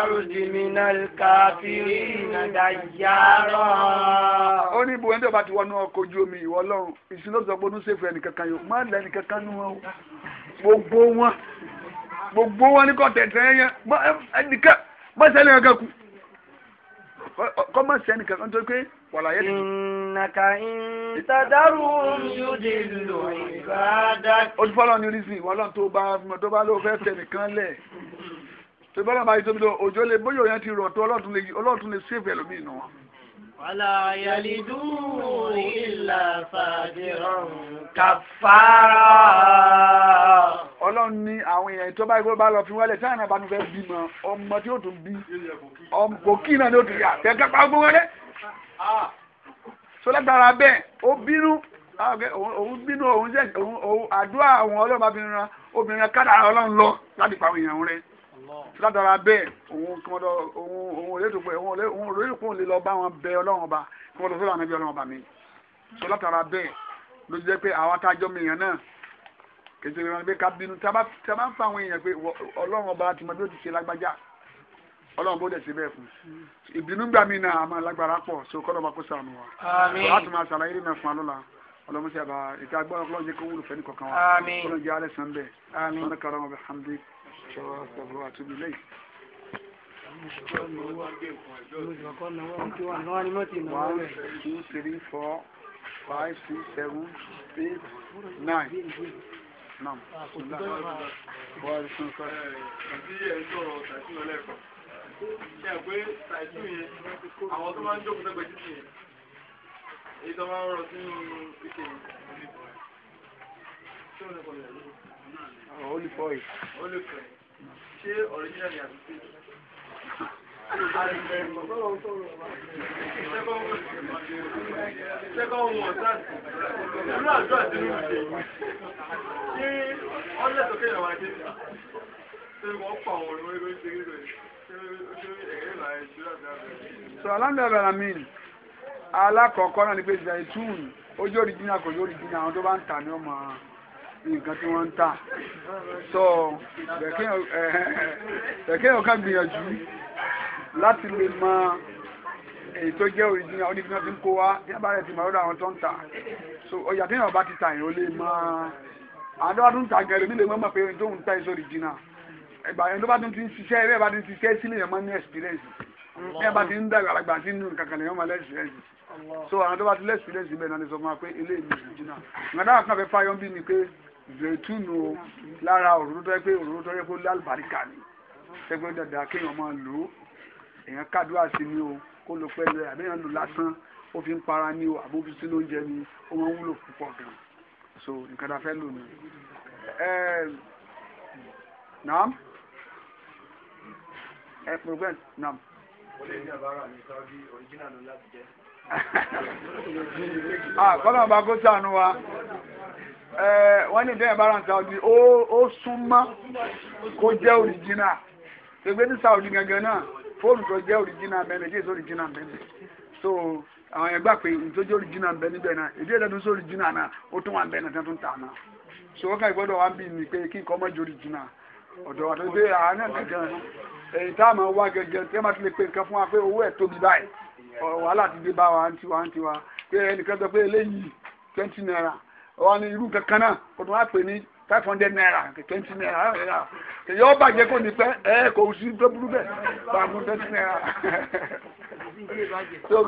àròjì mi náà káfíìrì nàdà yàrá. ó ní ibùdó ẹni tó bá ti wọnú ọkọ̀ ojú omi ìwọ ọlọ́run ìṣúná tó gbónú ṣèfù ẹnìkankan yòó má lẹ́ ẹnìkankan nú wọn gbogbo wọn gbogbo wọn ní kọ́tẹ̀ẹ̀tẹ̀ yẹn ẹnìkan má sẹ́ni kankan kú kọ́ má sẹ́ni kankan tó pé wàlá yẹn. ìnàkà ìtàdárù yóòdì lò ìbàdàn. ojú fọlọ́ ni rizin wọn lọ́n tó bá tó bá lóò fẹ́ sẹ́ni kan lẹ̀ tó bá lọ́n bá yí tóbi lọ òjò lè bóyá òyìn ti rọ̀ tó ọlọ́tún lè ṣèfẹ̀ lómi ìnà wọn. ولا يلدون إلا فاجرا كفارا ọlọ́run ní àwọn èèyàn tó bá gbọ́dọ̀ bá lọ fi wọlé tí àwọn àbánu fẹ́ bímọ ọmọ tí ó tún bí kò kí náà ló dùn yà tẹ̀ka pa gbogbo wọlé. sọlẹ́gbàrà bẹ́ẹ̀ ó bínú ah, òun bínú òun àdúrà àwọn ọlọ́run bá fi ran obìnrin kádà ọlọ́run lọ láti pa àwọn èèyàn rẹ̀ látara bẹ́ẹ̀ òun kọmọdọ òun òun ò létò pé òun òun òun òun lè lọ bá wọn bẹ ọlọ́run ọba kí wọ́n lọ sọ́dọ̀ ànábì ọlọ́run ọba mi so látara bẹ́ẹ̀ ló jẹ́ pé àwọn atájọ́ mi yẹn náà kètè ìrìn pé ká bínú tí a bá ń fa àwọn èèyàn pé ọlọ́run ọba ti mọ bí ó ti ṣe lágbájá ọlọ́run bó dẹ̀ ṣe bẹ́ẹ̀ fún ìbínú gbà mí náà àmọ́ lágbára pọ̀ so kọ́ lọ́ba kó sànù wa láti máa ṣàlàyé nínú ẹ̀fọn alọ́la ọlọ́mọṣẹ́ àbá ìta gbọ́ ọlọ́run jẹ́ kó wúlò fẹ́ nìkan kan wa ọlọ́run jẹ́ alẹ́ sàn sọ̀rọ̀ ọ̀sẹ̀bọ̀ àtúbí lẹ́yìn. one two three four five six seven eight nine. Nam. Wàhálà sùn sọ. Nàìjíríà ń sọ̀rọ̀ ṣàtì ọlẹ́kọ̀ọ́. Ṣé ẹ pé ṣàtì yẹn àwọn tó máa ń jókòó lẹ́gbẹ̀ẹ́ títì yẹn? Èyí tó máa ń rọ sínú ìṣèlú olive oil. olive oil. ṣé original ni àbí fake? Sẹ́kọ̀ wọn sáàsì, ìlú àdúrà tí ló ń ṣe, ṣé ọjọ́ ìsọ̀kẹ́ ìyàwó ajé ta? Ṣé wọ́n pa àwọn olórí ló ń ṣe nílò ẹ̀? Ṣé ẹ̀rẹ́ ìlà ìṣúra ti àbẹ̀rẹ̀? Sọ alámìlẹ̀ mi, alákọ̀ọ́kọ́ náà ni pé Zaitun, ojú òrìjìnà kò yóò òrìjìnà àwọn tó bá ń tà ní ọmọ nǹkan tí wọ́n ń tà so bẹ̀kẹ́yàn eh, kan gbìyànjú láti lè mọ èyí tó jẹ́ original oníkan tí ń kó wá tí wọ́n bá rẹ̀ ti máa rọ́dọ̀ àwọn tó ń tà so ọjà tí èèyàn bá ti tà èèyàn lè mọ àwọn tó bá tún ta gẹ̀rẹ́ nílé mọ́ pé ohun tó ń ta èso original ìgbà yẹn tó bá tún ti ń ṣiṣẹ́ ẹ̀rẹ́ bá ti ń ṣiṣẹ́ sílẹ̀ yẹn mọ́ ní experience ẹ bá ti ń dàgbà àgbà sínú kankan lèèyàn máa lẹ́sìrẹ́sì so àwọn tó bá ti lẹ́sìrẹ́sì bẹ́ẹ̀ náà ni sọ fún wa pé eléyìí ni original ìgbà táwọn kan fẹ́ fáyọ́ bí ni pé zaitun o lára òróró tó yẹ pé òróró tó yẹ pé ó lálùbáríkà ni ṣẹgbẹ́ dàda kéèyàn máa lò ó èèyàn kádùá sí ni o kó lọ pẹ́lú ẹ̀ àbẹ́yàn lò lásán ó fi ń para ní o àbó fi sínú oúnjẹ ni ó máa ń wúlò púpọ̀ gan so nǹkan tá a fẹ́ lò ni. naam ẹ pẹ̀lú pẹ̀lú naam. ó ní àbára mi sáájú òrìjínà ló láti jẹ́. àkọ́nà ah, ọba kó sànú wa wọ́n ní ìdẹ́yìn bára ní Saudi ó súnmọ́ kó jẹ́ òrìjínà ṣègbè ní Saudi gangan náà fóònù tó jẹ́ òrìjínà bẹ́ẹ̀ ní òrìjínà bẹ́ẹ̀ so àwọn ẹgbà pé ìtọ́jú òrìjínà bẹ́ẹ̀ náà èdè ìdẹ́dùn sí òrìjínà náà ó tún wà bẹ́ẹ̀ náà tà náà so wọ́n kàn gbọ́dọ̀ wá pé kí nǹkan mọ́jú ọ̀dọ̀ àtọ́jú pé wàhálà ti dé bá wa ń tiwa ń tiwa pé ẹnìkan sọ pé eléyìí twenty naira wọn ni irú kankan náà kò tún wá pè ní five hundred naira twenty naira yóò bàjẹ́ kò ní pẹ́ ẹ kò sí tó burú bẹ́ẹ̀ bá mú twenty naira so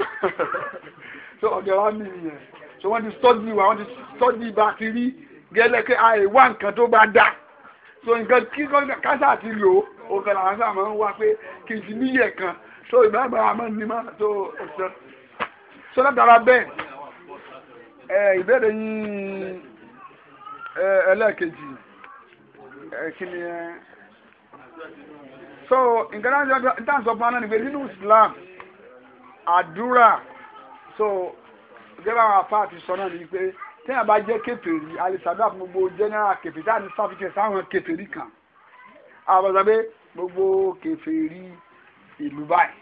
ọ̀dọ̀ wa mi nìyẹn so wọ́n ti study wa wọ́n ti study bá ti rí gẹ́lẹ́kẹ́ àì wá nǹkan tó bá dá so nǹkan kí kásá ti lò ó òkè làwọn sábà máa ń wá pé kì í ti níyẹ̀ kan so ìgbà àgbà àmọ́ ní má so ọ̀sẹ̀ so látara bẹ́ẹ̀ ẹ ìbéèrè yín ẹlẹ́ẹ̀kejì ẹ kí ni ẹ so nǹkan náà ń sọ fún wa náà ni pé nínú Islam àdúrà so gẹ́gẹ́ àwọn afá àti sọ náà ni pé téèyàn bá jẹ́ kèfèrí alìsàdúrà fún gbogbo general kèfèrí tá à ní sáfìkẹ́ sáwọn kèfèrí kan àwọn ọ̀sán pé gbogbo kèfèrí ìlú báyìí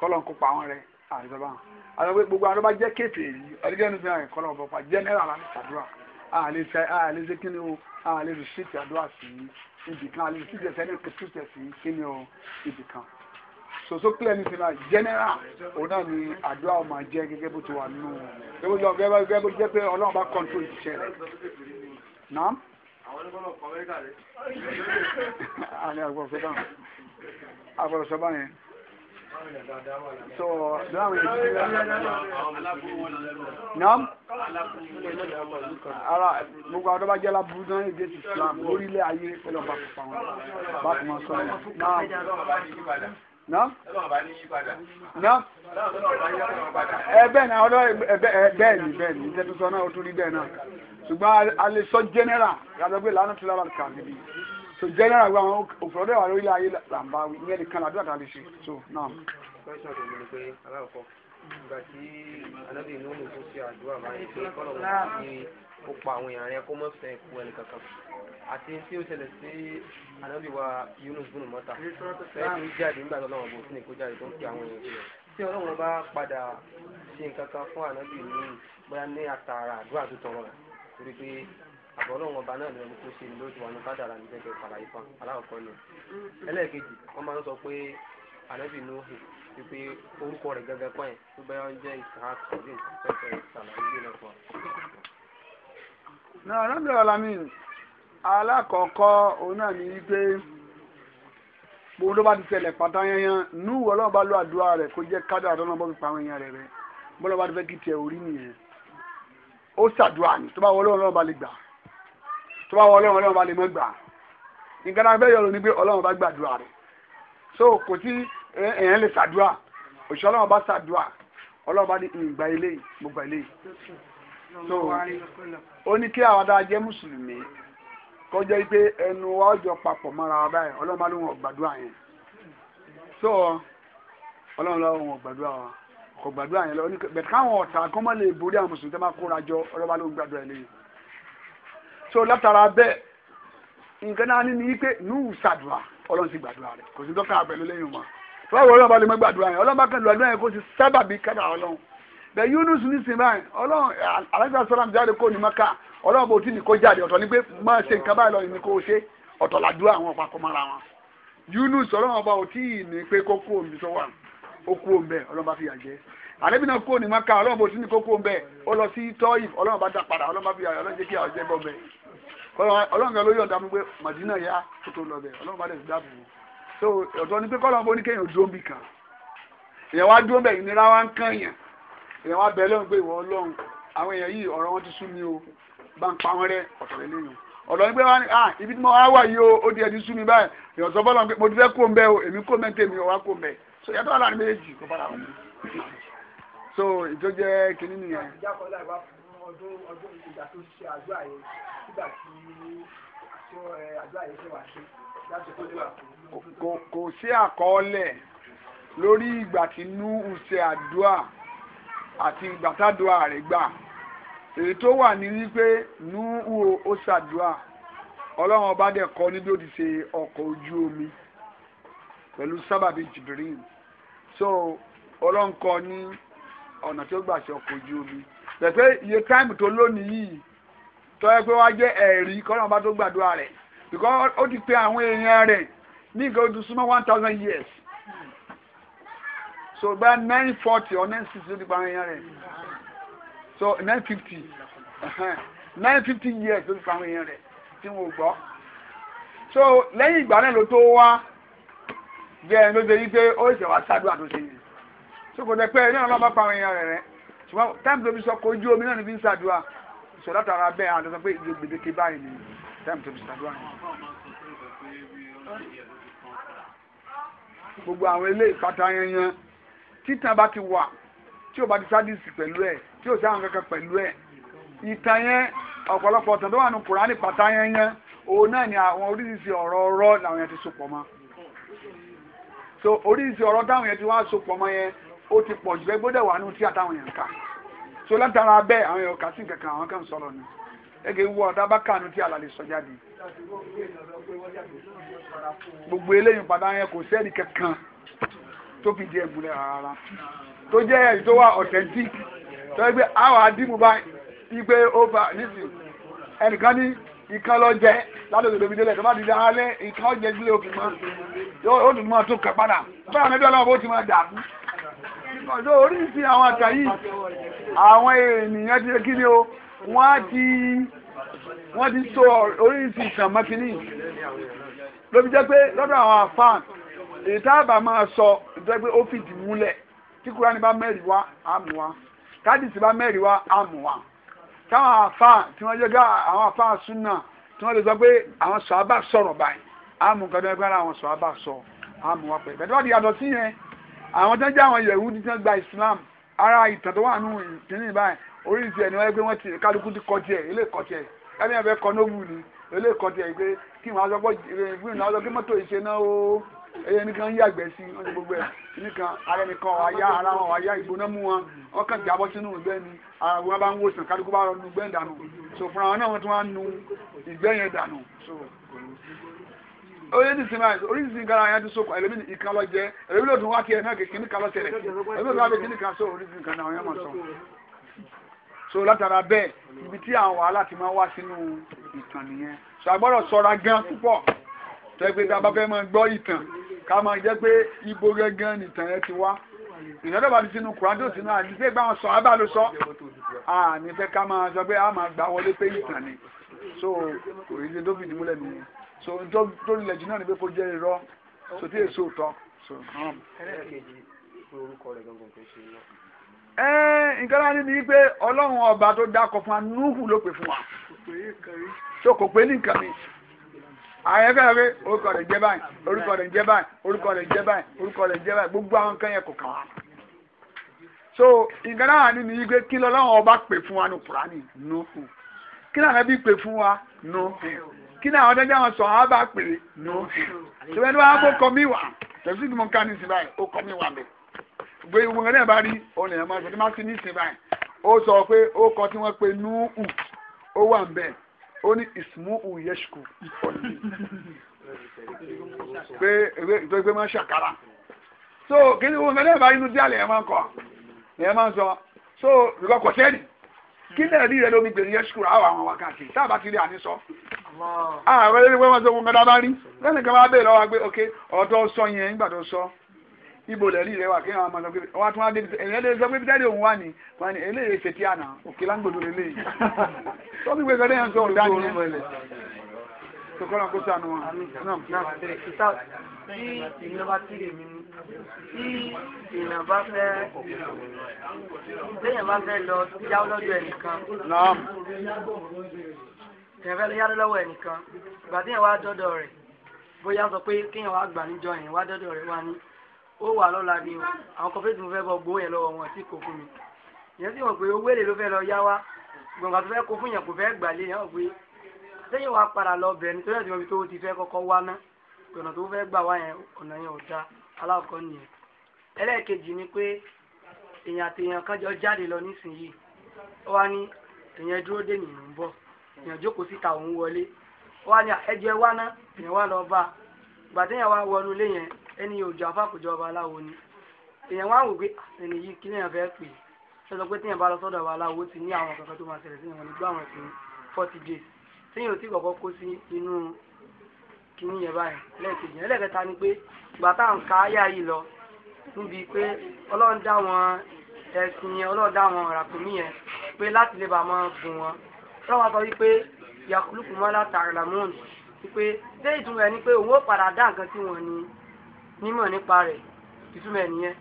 kọ́lọ̀ ń kópa àwọn rẹ̀ àìsọ́bà àwọn pé gbogbo àwọn tó bá jẹ́ kéferì ọdígẹ́nu fi hàn kọ́lọ̀ ọ̀bọ̀pá jẹ́nẹ́rà láti ṣàdúrà àlè ṣe kí ni o àlè rè sí ti àdúrà sí ibì kan àlè rè sí ti ẹsẹ̀ ní kẹtù tẹ̀ sí kí ni o ibì kan soso clear ní sinna jẹ́nẹ́rà òun náà ni àdúrà ọmọ jẹ́ gẹ́gẹ́ bó ti wà nù gẹ́gẹ́ bó jẹ́ pé ọlọ́run bá kọ́ńtò ìṣẹ́ rẹ̀ náà. àwọn onígbọ́n náà kọ́ àgbọ̀dọ̀ sọ báyẹn so láwọn èdè tí wọ́n ara gbogbo àwọn ọba jẹ́lá burú náà èdè ti Islam lórílẹ̀ ayé pẹ̀lú ọba pupa wọn bá tún wọn sọ náà náà náà ẹ̀bẹ̀ náà ọdọ ẹ̀bẹ̀ ni bẹ́ẹ̀ ni ìjẹtùsọ náà ó tún rí bẹ́ẹ̀ náà ṣùgbọ́n a lè sọ general yàtọ̀ pé lánàá tó lábàkà níbí so general wa àwọn òfurufú wà lórí ayé làǹbá wí ní ẹnìkan làdúrà tá a lè ṣe so now. pẹ́sọ̀ àwọn èèyàn rẹ kó mọ̀ fẹ́ kú ẹnì kankan àti tí ó ṣẹlẹ̀ sí anábì Yunus bùnú mọ́ta fẹ́ẹ́ tó jáde nígbà tó lọ́wọ́ bó sí ni kó jáde tó ń pe àwọn èèyàn tí Ọlọ́run bá padà ṣe nǹkan kan fún anábì ní bóyá ní àtàrà àdúrà tó tọrọ rẹ̀ torí pé àbọ̀ ọlọ́run ọba náà ni wọn tó ṣe lójú wọn kádàrà ní gẹ́gẹ́ fàlàyé fún aláwọ̀kọ́ ni ẹlẹ́ẹ̀kejì wọ́n máa ń sọ pé ànábì nuhi wípé orúkọ rẹ̀ gẹ́gẹ́ kọ́ ẹ̀ tó bá yọ jẹ́ ishaq tàbí ìfẹ́fẹ́ ìsàlàyé gbé lọ́pọ̀. náà ànábì ọ̀làmì alákọ̀ọ́kọ́ òun náà ní wípé gbogbo ló bá ti ṣẹlẹ̀ pátá yanyan nú ọlọ́run bá lo àdúrà rẹ̀ kó jẹ́ kádàrà tó náà bọ́ fi pa àwọn èèyàn rẹ̀ rẹ̀ bọ́lá bá ti tó bá wọ ọlọ́run ọlọ́run bá lè mọ́ gbà nǹkan náà bẹ́ẹ̀ yọrọ ni pé ọlọ́run bá gbàdúrà rẹ̀ so kò tí èèyàn lè ṣàdúrà òṣìṣẹ́ ọlọ́run bá ṣàdúrà ọlọ́run bá ní ìgbà eléyìí mo gbà so ó ní kí àwọn adá jẹ́ mùsùlùmí kọjá pé ẹnu wa ọjọ́ papọ̀ mọ́ra wa báyìí ọlọ́run bá lóun ọ̀gbàdúrà yẹn so ọlọ́run lọ́wọ́ ọ̀gbàdúrà wa kò gbàdúrà yẹn lọ bẹ̀ẹ̀ káwọn ọ̀tà kọ́mọ́ lè borí àwọn mùsùlùmí tẹ́ máa kóra jọ ọlọ́run bá lóun gbàdúrà yẹn lẹ́yìn so látara bẹ́ẹ̀ nǹkan náà ní ní pé nùú sàdùà ọlọ́run ti gbàdúrà rẹ̀ kò sí dọ́kà pẹ̀lú lẹ́yìn wọn tó báwo ọlọ́run bá lè mọ gbàdúrà yẹn ọlọ́run bá kàn lọ́dún yẹn kó ti sábà bí kádà ọlọ́run bẹ́ẹ̀ Yunus ní sin báyìí ọlọ́run alájà sọ́lá jáde kó ní maka ọlọ́run bò tí ní kó jáde ọ̀tọ̀ ní pé máa ṣe nǹkan báyìí lọ́yìn ní kó o ṣe ọ̀tọ̀ àlẹ́bí náà kúrò ní maka ọlọ́run bó sí ní kókó mbẹ́ ó lọ sí tọ́yì ọlọ́run bá dá padà ọlọ́run bá fi àyọ̀ ọlọ́run jẹ́ kí àwọn jẹ́ bọ́ mbẹ́ ọlọ́run kan ló yọ̀ǹda mi pé màdínà yá kó tó lọ bẹ̀ ọlọ́run bá dẹ̀ sí dáàbò so ọ̀tọ̀ ni pé kọ́lọ́run bó ní kéèyàn dúró mbì kan èèyàn wá dúró mbẹ̀ ìnira wá ń kànyàn èèyàn wá bẹ̀ lọ́run pé ìwọ ọlọ́run àwọn èèyàn yìí ọ̀rọ̀ wọn ti sú mi o bá ń pa wọn rẹ ọ̀tọ̀ rẹ léyìn ọ̀dọ̀ nígbà wá ní à ah, ibi tí mo wá yìí o ó di ẹni sú mi báyìí èèyàn sọ bọ́lá mo ti fẹ́ kó mbẹ́ o èmi kó mẹ́tẹ̀ẹ́mi ò wá kó mbẹ́ so yàtọ̀ àlàní méjèèjì kó bára wọn so ìjọ jẹ́ kínní nìyẹn. ìjákọ̀ọ́lá ìwà fún ọdún ọdún ìgbà tó ṣe àjọ àyè nígbà tí àjọ àyè ṣe wà sí láti kó lè wà fún. kò sí àkọọ́lẹ̀ lórí ìgbà tí Núhù ṣe àdúà àti ìgbà tádùá rẹ̀ gbà èyí tó wà ní wípé Núhù ó ṣàdúà ọlọ́run ọba dẹ̀ kọ́ ní ó ti ṣe ọkọ̀ ojú omi pẹ̀lú sábàbí Jibril so ọlọ́run kọ́ ní ọ̀nà tí ó gbà ṣe ọkọ̀ ojú omi pẹ̀pẹ́ iye táìmù tó lónìí yìí tó yẹ pé wá jẹ́ ẹ̀rí kọ́nà bá tó gbàdúrà rẹ̀ because ó ti pe àwọn èèyàn rẹ̀ ní nǹkan ojú súnmọ́ one thousand years so bá nine forty or nine sixty ó ti pa àwọn èèyàn rẹ̀ so nine fifty nine fifty years ó ti pa àwọn èèyàn rẹ̀ tí wọn gbọ́ so lẹ́yìn ìgbà náà ló tó wá jẹ́ ẹni ló ṣe yí pé ó ṣe wá ṣáájú àtúnṣe yẹn sọkò dẹ pé ẹni ọ̀nà ọba pa àwọn èèyàn rẹ̀ rẹ̀ ṣùgbọ́n táìmù tó fi sọ kò ojú omi náà ní fi ń ṣàdúrà ṣọlá tara bẹ́ẹ̀ àdọ́sọ pé ìdí gbèdéke báyìí ni táìmù tó fi ṣàdúrà yẹn. gbogbo àwọn ilé ìpàtà yẹn yẹn títàn bá ti wà tí o bá ti sádìsì pẹ̀lú ẹ̀ tí o sáwọn kankan pẹ̀lú ẹ̀ ìtàn yẹn ọ̀pọ̀lọpọ̀ ọ̀tàn tó wà ni àwọn oríṣiríṣi ọ̀rọ̀ ọ̀rọ̀ làwọn yẹn so pọ̀ mọ́ so oríṣiríṣi ọ̀rọ̀ táwọn yẹn ó ti pọ̀ jù ẹgbẹ́ dẹ̀ wà nù tí àtàwọn èèyàn kà so látara bẹ́ẹ̀ àwọn èèyàn kà sí nǹkan kan àwọn kan sọ̀rọ̀ ni ẹgbẹ́ wú ọ̀dà bá kà nù tí àlàlẹ̀ sọ jáde. gbogbo eléyìí padà yẹn kò sẹ́ẹ̀lì kankan tó fi di ẹ̀gbùn rárá tó jẹ́ ẹ̀rí tó wà authentic tó yẹ pé àwọn àdìmú bá igbe over nísìnyí ẹnìkan ní ìkan lọ jẹ ládòdò lómi délẹ̀ tó bá dìde alẹ́ ìkan jẹ sílé òkè mọ́ ó dùn mọ́ tó kẹ padà báyọ̀ níbi ọlọ́wọ́ bó ti máa dàbí ọ̀dọ́ oríṣi àwọn àkà yìí àwọn ènìyàn ti kí ni o wọ́n ti wọ́n ti so oríṣi ìsànmọ́kínní ló fi jẹ́ pé lọ́dọ̀ àwọn àfáàn èyí a bá máa sọ jẹ́ pé ó fìdí múlẹ̀ tí kúránì bá mẹ́rin wá àmú wa kádìsì bá mẹ́rin wá àmú wa táwọn àfáà tí wọ́n jẹ́ àwọn àfáà súnà tí wọ́n lè sọ pé àwọn sọ̀ábà sọ̀rọ̀ báyìí àmú kan tó yẹ kí wọ́n àwọn sọ̀ábà sọ àmú wa pẹ̀lú bẹ́ẹ̀ tó àwọn tó ń jẹ́ àwọn Yẹhudi tí wọ́n gba Islam ara ìtàn tó wà nù kínní báyìí oríṣi ẹ̀ ni wọ́n yẹ pé wọ́n ti kálukú ti kọ́ tiẹ̀ ilé kọ́ tiẹ̀ ẹni ẹ̀fẹ́ kọ́ nóbù ni ilé kọ́ tiẹ̀ pé kí wọ́n aṣọ pọ̀ fún ìnáwó sọ pé mọ́tò ìṣe náà ó ẹyẹ nìkan yàgbẹ́ sí wọ́n ti gbogbo ẹ̀ nìkan ara nìkan ọ̀háyá ara wọn ọ̀háyá ìgbóná mú wọn wọ́n kàn jábọ́ sínú ìgbẹ́ ni ara wọn bá ń wòsàn kálukú bá rọ nu ìgbẹ́ dànù so fúnra wọn náà wọ́n tún wá nu ìgbẹ́ yẹn dànù so oye ní sinmi àyè oríṣiríṣi nǹkan ara yẹn ti sọkọ ẹlẹmi ní ìkan lọ jẹ ẹlẹmi ló dùn wá kí ẹ náà kìkì ní kan lọ tẹlẹ sí ẹlẹmi ló bẹ kíní kan sọ oríṣiríṣi nǹkan náà yẹn mọ sọ. so látara bẹ́ẹ̀ ibi tí àwọn wàhálà ti máa wá sínú ìtàn nìyẹn so a gbọ́dọ̀ ṣọ́ra gan púpọ̀ tẹ pé tá a bá fẹ́ máa gbọ́ ìtàn ká máa jẹ́ pé ibo gangan nìtàn yẹn ti wá ìnáwó bá ti sínú kùrádó sínú àdìsẹ́ gbà wọn sọ abá ló sọ à ní fẹ́ ká máa sọ pé a máa gbà wọlé pé ìtàn ni so kò ní ṣe tó fìdí múlẹ̀ nìyẹn so njọ tó lè jù náà ni pé kó jẹ́ irọ́ so tí èso tọ́ so. Um. ẹ nǹkan láti ní pé ọlọ́run ọba tó dákọ̀ fún wa ló pè fún wa so kò pé ní nǹkan mi àyẹ̀ fẹ́ pé orúkọ rẹ̀ jẹ́ báyìí orúkọ rẹ̀ jẹ́ báyìí orúkọ rẹ̀ jẹ́ báyìí orúkọ rẹ̀ jẹ́ báyìí gbogbo àwọn nǹkan yẹn kò kàn wá so nǹkan náà ní ní pé kí lọ́lọ́run ọba pè fún wa ní kùránì núhù kí làwọn ẹbí pè fún wa núhù kí ni àwọn ọ̀dọ́jà wọn sọ àwọn bá pèrè nùfù ṣùgbọ́n ní wàá bó kọ mí wà tẹ̀sí ni mo ká ní ìsìn báyìí ó kọ mí wà mí gbé ìwé wọn náà bá rí òun lè máa sọ ní má sí ní ìsìn báyìí ó sọ pé ó kọ tí wọ́n pe nùfù ó wà ń bẹ̀ ó ní ìsìmúhù yẹ́ṣùkù pé ìtọ́ ìgbé máa ń ṣàkárà so kí ni wọn náà bá rí inú díàlẹ̀ ẹ̀ máa ń kọ ẹ̀ máa ń sọ so ìkọkọ̀ sẹ́ni kí náà rí rẹ lómi gbèrú yẹ́ṣùkù àwọn àwọn wákàtí tá a bá ti rí àníṣọ́ Ah, àwọn ẹlẹ́ni pé wọ́n sọ fún kọ́dá bá rí lẹ́sìn kan bá bèèrè lọ́wọ́ pé ok ọ̀tọ̀ sọ yẹn nígbà tó sọ ibo lẹ́rí rẹ wà kí wọ́n máa sọ pé wọ́n tún wá dé ẹ̀yẹ́ lè sọ pé bí dáadé òun wà ní wọ́n ní eléyìí ṣe tí àná òkè lágbòdo lélẹ́yìí tó fi gbé sọdẹ́ yẹn sọ ọ̀dá nìyẹn tó kọ́ lọ́n kó sànù wọn. tí èèyàn bá fẹ́ lọ sí jáwọ́ lọ́dọ̀ ẹnìkan tẹ̀fẹ́ lè yára lọ́wọ́ ẹnìkan ìgbà tí yẹn wá dọ́dọ̀ rẹ̀ bóyá sọ pé kéèyàn wá gbà níjọ yẹn wá dọ́dọ̀ rẹ̀ wá ní ó wà lọ́la ni o àwọn kọfíìsì mo fẹ́ bọ gbowó yẹn lọ́wọ́ wọn tí kò fún mi yẹn sì mọ̀ pé owó èlé ló fẹ́ lọ yá wá gbọ̀ngàn tó fẹ́ kó fún yẹn kò fẹ́ gbà lé yẹn wọ̀ pé sẹ́yìn wá padà lọ bẹ̀ nítorí ẹ̀sìn omi tó ti fẹ́ kọ́kọ́ wá ná ọ̀nà tó fẹ́ gbà wá yẹn ọ̀nà yẹn ni pé èèyàn jókòó síta òun wọlé wá ní ẹjọ́ ẹ wá ná èèyàn wá lọ bá ìgbà téèyàn wá wọnú ilé yẹn ẹni òjò afákòjọ aláwo ni èèyàn wá wò pé ẹni yìí kí lèèyàn fẹ́ pè é sọ pé téèyàn bá lọ sọ́dọ̀ ọba aláwo ti ní àwọn kankan tó máa ṣẹlẹ̀ sí wọn nígbà wọn sí forty days téèyàn ò tí kọ̀kọ́ kó sí inú kínní yẹn báyìí lẹ́ẹ̀kejì yẹn ni pé ìgbà táwọn ká yá yìí lọ níbi pé ọlọ́run dá wọn ẹ̀sìn yẹn ọlọ́run dá wọn ràkúnmí tọ́wọ́ sọ wípé yakuluku mọ́lá tàràmọ́n wípé ṣé ìtumọ̀ ẹ̀ ni pé òun ó padà dá nǹkan tí wọ́n ní nímọ̀ nípa rẹ̀ ìtumọ̀ ẹ̀ nìyẹn.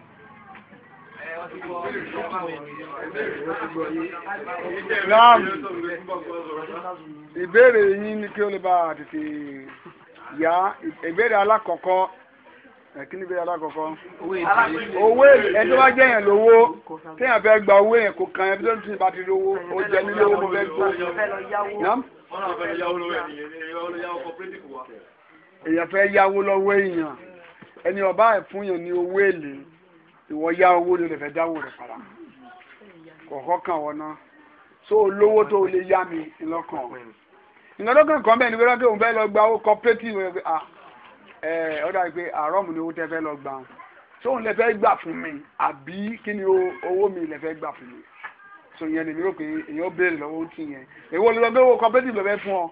Ram ìbéèrè yín ni kí o lè bá tètè yá ìbéèrè alákọ̀ọ́kọ́ ẹ̀kíní bí alákọ̀ọ́kọ́ owó ẹjọ́ bá jẹ́ yẹn lówó téèyàn fẹ́ gba owó yẹn kó kan ẹbí tó ń tún ìbá ti lówó ó jẹ ní lówó mo fẹ́ gbó. èèyàn fẹ́ yáwó lọ́wọ́ èèyàn ẹni ọba ẹ̀fún yẹn ní owó èlé ìwọ yá owó ló lè fẹ́ dáwó rẹ̀ padà kọ̀ọ̀kọ́ kan wọ̀ náà so olówó tó o lè yá mi lọ́kàn ìnáwó kan kan bẹ́ẹ̀ ni wíwá pé òun fẹ́ lọ gba owó cooperative rẹ̀ ah ẹ ọ dàbí pé àárọ̀ mi ni owó tẹ́ fẹ́ lọ gbà wọn tóun lè fẹ́ gbà fún mi àbí kí ni owó mi lè fẹ́ gbà fún mi so yẹn lèmi rò pé èyàn béèrè lọ́wọ́ tì yẹn èwo ló lọ gbé owó cooperative lọ fẹ́ fún ọ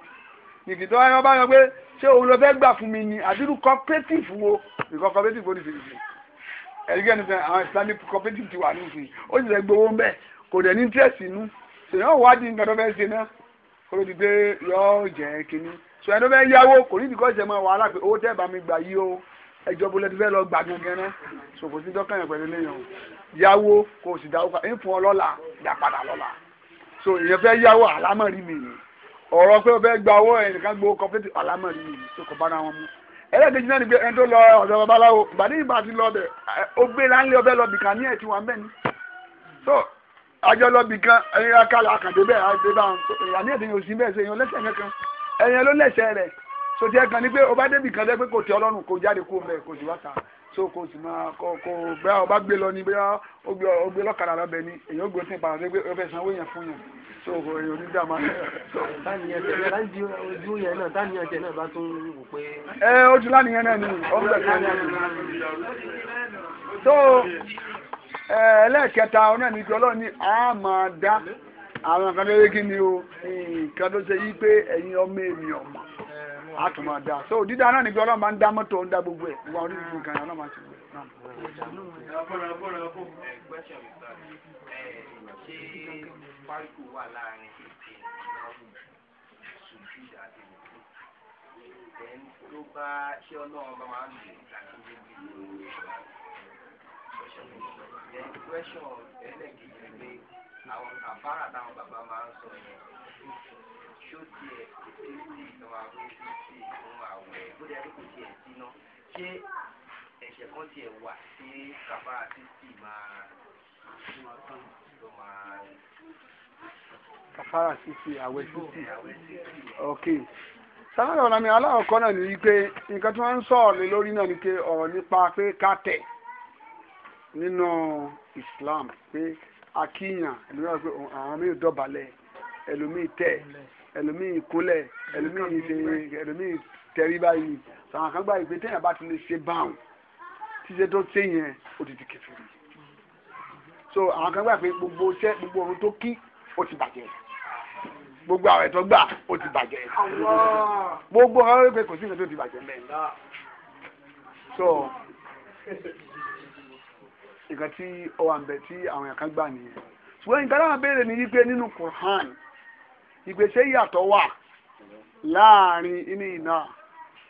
nìkì tó wáyé wọn bá yọ pé ṣé òun ló fẹ́ gbà fún mi ni àdúrú cooperative wo nìkan cooperative ó ní fi fi ẹ̀ríkẹ́ ní sẹ́yìn àwọn islamic cooperative ti wà ní ìsìn ó sì fẹ́ gbowó ń bẹ̀ kò dẹ̀ ní interest inú ṣèyàn wádìí nǹkan tó fẹ́ ṣe náà kó ló ti gbé yọ jẹ́ kínní sọ ẹni bẹ́ẹ̀ yáwó kò ní bìkọ́ ìṣẹ̀mọ wàhálà pé owó tẹ́ẹ̀ bá mi gbà yí o ẹjọ́ bó lẹ́tí fẹ́ lọ gbà gangan náà sọ kò sí dọ́kàn yẹn pẹ̀lú léyàn o yáwó kò sì dáwó pa ń fún ọ lọ́la dá padà lọ́la sọ èèyàn fẹ́ yáwó àlámọ̀rí mi ni ọ̀rọ̀ pé o fẹ́ gba owó ẹnìkan gbowó kọ́pẹ́tì àlámọ̀rí mi ni sọ kò bá ara wọn mu ẹlẹ́gbẹ̀jì náà ni pé ẹni tó lọ ọ̀dọ̀ babaláwo ìbàdí ìbá ti lọ bẹ̀ ó gbé láńlé ọbẹ̀ lọ bìkan ní ẹ̀tí wọn bẹ́ẹ̀ ni so àjọ lọ bìkan ẹ̀yìn akálà àkàndébẹ̀ àdébà ìyàní ẹ̀dẹ̀yìn òsínbẹ̀ ṣe èèyàn lẹ́sẹ̀ kankan ẹ̀yẹn ló lẹ́sẹ̀ rẹ̀ so tiẹ̀ kan ni pé o bá kan lẹ́ kò tẹ ọlọ́run kò jáde kó mẹ́ kò sì wá ta so kò sì máa kò kò bẹ́ẹ̀ o gbé lọ ni bẹ́ẹ̀ o gbé o gbé ni èyàn ó gbé sí ìpàdé pé o sanwó yẹn fún yẹn so kò èyàn ní dàmà. táníyàn tẹ ojú yẹn náà táníyàn tẹ náà bá tún wò pé. ẹ ojú láníyàn náà ni ọgbẹ kan náà ni. so ẹlẹ́ẹ̀kẹta ọ̀nà ìgbọ́lọ́ ni a máa dá. àwọn kan lórí kí ni o nǹkan tó ṣe yí pé ọmọ a tún máa so dídá náà ni pé ọlọ́run máa ń dá mọ́tò ń dá gbogbo ẹ̀ gbogbo àwọn oríṣiríṣi ọlọ́run máa àwọn kàfàrà táwọn bàbá máa ń sọ yẹn ṣó tiẹ̀ kékeré ní ìtàn àwọn fífi ìfún àwẹ̀ bóyá ló kò tiẹ̀ síná ṣé ẹ̀ṣẹ̀ kan tiẹ̀ wà sí kàfàrà títì máa kàfàrà títì àwẹ̀ títì ok sálára ọ̀nà mi aláwọ̀kọ́ náà ní wípé nǹkan tí wọ́n ń sọ̀rọ̀ lé lórí náà ni pé ọ̀rọ̀ nípa pé ká tẹ̀ nínú Islam pé akíyàn ẹlòmíì pé àwọn míì dọ̀bálẹ̀ ẹlòmíì tẹ̀ ẹlòmíì kúnlẹ̀ ẹlòmíì ṣe ẹlòmíì tẹrí báyìí sàwọn kan gbà pé téèyàn bá ti lè ṣe báwọn ṣíṣe tó ṣe yẹn ó ti di kẹfìrí so àwọn kan gbà pé gbogbo iṣẹ́ gbogbo ohun tó kí ó ti bàjẹ́ gbogbo àwọn ẹ̀tọ́ gbà ó ti bàjẹ́ gbogbo ọ̀rọ̀ pé kò sí nǹkan tó ti bàjẹ́ mẹ́rin so nǹkan tí ó wà ń bẹ tí àwọn èèyàn kan gbà nìyẹn ṣùgbọ́n nǹkan náà béèrè ní wípé nínú Qur'an ìgbésẹ̀ yàtọ̀ wà láàrin inú iná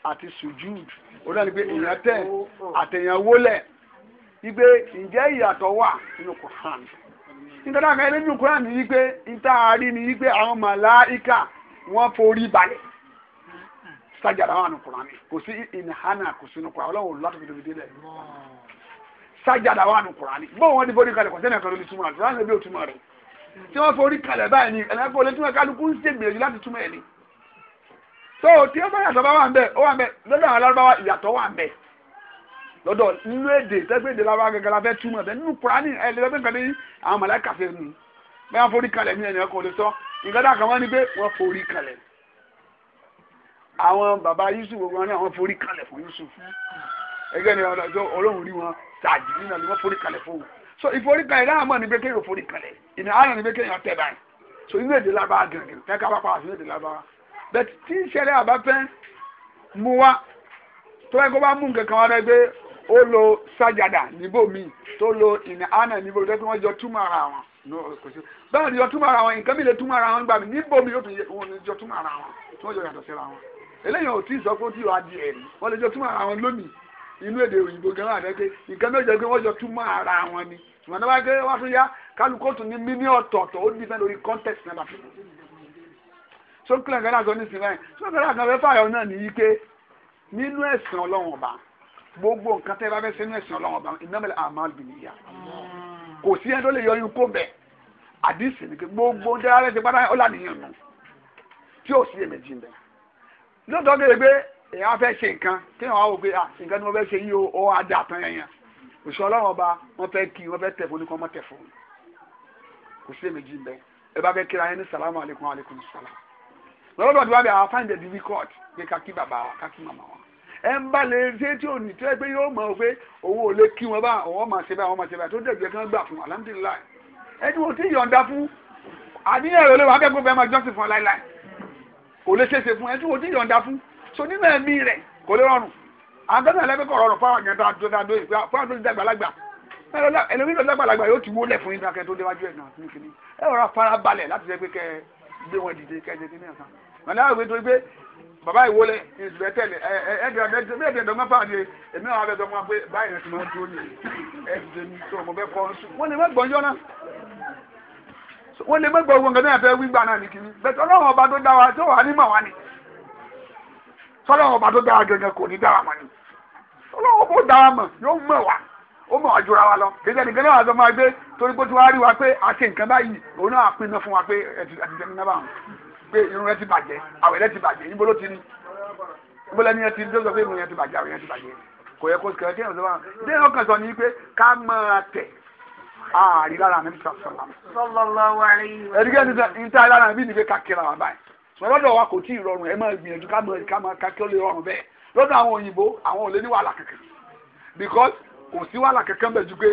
àti sujud ó dàbí pé èèyàn tẹ̀ àtẹ̀yàn wólẹ̀ wípé ǹjẹ́ ìyàtọ̀ wà nínú Qur'an nítorí àwọn ẹlẹ́ni nínú Qur'an ní wípé níta àárí ní wípé àwọn màláìka wọ́n forí balẹ̀ sájà làwọn ànú Qur'an kò sí ìnhánà kò sínú Qur'an ọlọ́run látòkè tó fi sájàdá wà nù kùránì bóun wọn ti forí kalẹ̀ kọ̀sẹ́nì ẹ̀ka lórí túmọ̀ àdúrà ṣe bí òtúmọ̀ rẹ̀ tí wọ́n forí kalẹ̀ báyìí ni ẹ̀lẹ́fọ́ lé túmọ̀ kálukú ń ṣe gbìyànjú láti túmọ̀ ẹ̀ ni. tó o tí ó bá yàtọ̀ bá wà ń bẹ̀ ó wà ń bẹ̀ lọ́dọ̀ àwọn alárúbáwá ìyàtọ̀ wà ń bẹ̀ lọ́dọ̀ nínú èdè tẹ́gbẹ̀dẹ̀ lára gẹ́gẹ́ la fẹ́ túmọ̀ bẹ́ẹ̀ nínú kùránì ẹ̀ Yusuf gbogbo wọn ní àwọn forí Yusuf ẹgbẹ́ ni ọlọ́run rí wọn sàjì nínú ni wọ́n forí kalẹ̀ fún un so ìforíkalẹ̀ náà mọ̀ ní pé kéèyàn forí kalẹ̀ ìnà àná ní pé kéèyàn tẹ̀ báyìí so inú èdè lábára gẹ̀rẹ̀gẹ̀ fẹ́ ká bá pa àti inú èdè lábára bẹ́ẹ̀ tí ìṣẹ̀lẹ̀ àbá fẹ́ mu wá tó bá yẹ kó bá mú nǹkan kan wá rẹ pé ó lo sájàdà níbò míì tó lo ìnà àná níbò tó kí wọ́n jọ túmọ̀ ara wọn báwo ni jọ túmọ̀ ara wọn nǹkan mi lè túmọ̀ ara wọn gbà mí níbò mi yóò tún jọ túmọ̀ ara wọn tí wọ́n jọ yàtọ̀ síra wọn eléyìí ò tí ì sọ pé ó ti rọ adìẹ wọ́n lè jọ túmọ̀ ara wọn lónìí inú èdè òyìnbó gan wà dẹ́gbẹ́ nǹkan méje pé wọ́n jọ túmọ̀ ara wọn ni ṣùgbọ́n náà wá gé wá tún yá kálukó tún ní mímí ọ̀tọ̀ọ̀tọ̀ ó dìbẹ́ lórí context náà bàtí. sókè nǹkan náà sọ ní sinmi sókè nǹkan náà fẹ́ fàyọ̀ náà ní ike nínú ẹ̀sìn ọlọ́run ọba gbogbo nǹkan tẹ́ bá fẹ́ sínú ẹ̀sìn ọlọ́run ọba ìnámẹ́lẹ̀ àmàlù nìyà kò sí ẹni tó lè yọ ikú bẹ̀ àdìsí ni gbogbo èèyàn fẹ́ ṣe nǹkan téèyàn wá wò pé nǹkan tí mo fẹ́ ṣe yìí ó wá dà tán yẹn yẹn òṣìṣẹ́ ọlọ́run ọba wọ́n fẹ́ kí wọ́n fẹ́ tẹ̀ fún oníkan mọ́tẹ̀ fún kò sí èmi jí ń bẹ́ ẹ bá fẹ́ kíra yẹn ní salamu aleykum aleykum salam lọ́dọ̀ tí wọ́n bẹ àwọn find the difficult pé ká kí bàbá wa ká kí màmá wa ẹ ń bá lè ṣe tí ò ní tẹ́ pé yóò mọ̀ pé òun ò lè kí wọn bá òun máa ṣe báyìí òun máa ṣe báyìí tó dẹ̀ jẹ́ kí wọ́n gbà fún alhamdulilayi ẹni wo ti yọ̀ǹda fún àníyàn rẹ̀ ló wà á bẹ́ẹ̀ kó fẹ́ máa jọ́sìn fún ọ láíláí kò lè ṣeéṣe so nínú ẹ̀mí rẹ̀ kò lè rọrùn àgbẹ̀dẹ̀ ẹlẹ́gbẹ̀ kọ̀ rọrùn fáwọn àgbẹ̀dẹ̀ àti àdó ìgbà fáwọn àdó ìdàgbà lágbà ẹlòmíì lọ dàgbà lágbà yóò ti wólẹ̀ fún yín kẹ́ tó déwájú ẹ̀ náà ní kìíní ẹ rọra fara balẹ̀ láti jẹ́ pé kẹ́ gbé wọn dìde kẹ́ ṣe kíní ẹ̀sán màdá àwọn ètò pé bàbá ìwólẹ̀ ìṣùlẹ̀ tẹ̀lé ẹ̀ẹ́dẹ̀ẹ̀dẹ̀ wọ́n lè mẹ́gbọ̀ọ́ wọn gẹ́gẹ́ náà fẹ́ wígbà náà nìkíní bẹ́ẹ̀ tọ́lọ́wọ́n ọba tó dá wa tó wà nímọ̀ wa ni sọlọ́wọ́ ọba tó dára gẹ́gẹ́ kò ní dára mọ̀ ni sọlọ́wọ́ bó dára mọ̀ yóò mọ̀ wá ó mọ̀ àjọra wa lọ gẹ́gẹ́ nìkan náà àjọ máa gbé torí pé tí wọ́n á rí wa pé a ṣe nǹkan báyìí òun náà pinnu fún wa pé àtijọ́ ní nábà pé irun rẹ ti bàjẹ́ àwẹ̀ rẹ ti bàjẹ́ níbo ló ti ní níbo lẹ́ni yẹn ti ní tó sọ pé irun yẹn ti bàjẹ́ àwẹ̀ yẹn ti bàjẹ́ kò yẹ kó ni pé ká máa tẹ̀ àárí lára mi sọ̀rọ̀ lọ́dọ̀ wa kò tí ì rọrùn ẹ máa gbìyànjú ká máa ká máa kákẹ́ ó lè rọrùn bẹ́ẹ̀ lọ́dọ̀ àwọn òyìnbó àwọn ò lè ní wàhálà kankan because kò sí wàhálà kankan bẹ̀ ju pé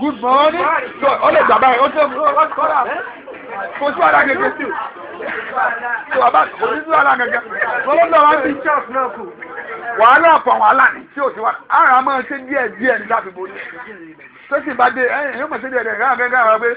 good morning so ó lè gbà báyìí ó tẹ́ ọ kọ́ra kò sí wàhálà kankan sí o bàbá kò sí wàhálà kankan lọ́dọ̀ wa bí church náà kù wàhálà ọ̀pọ̀ wàhálà ni tí ò sí wàhálà ara máa ṣe díẹ̀ díẹ̀ ní láti borí tó sì bá dé ẹ̀yìn yóò mọ̀ ṣe díẹ̀ díẹ̀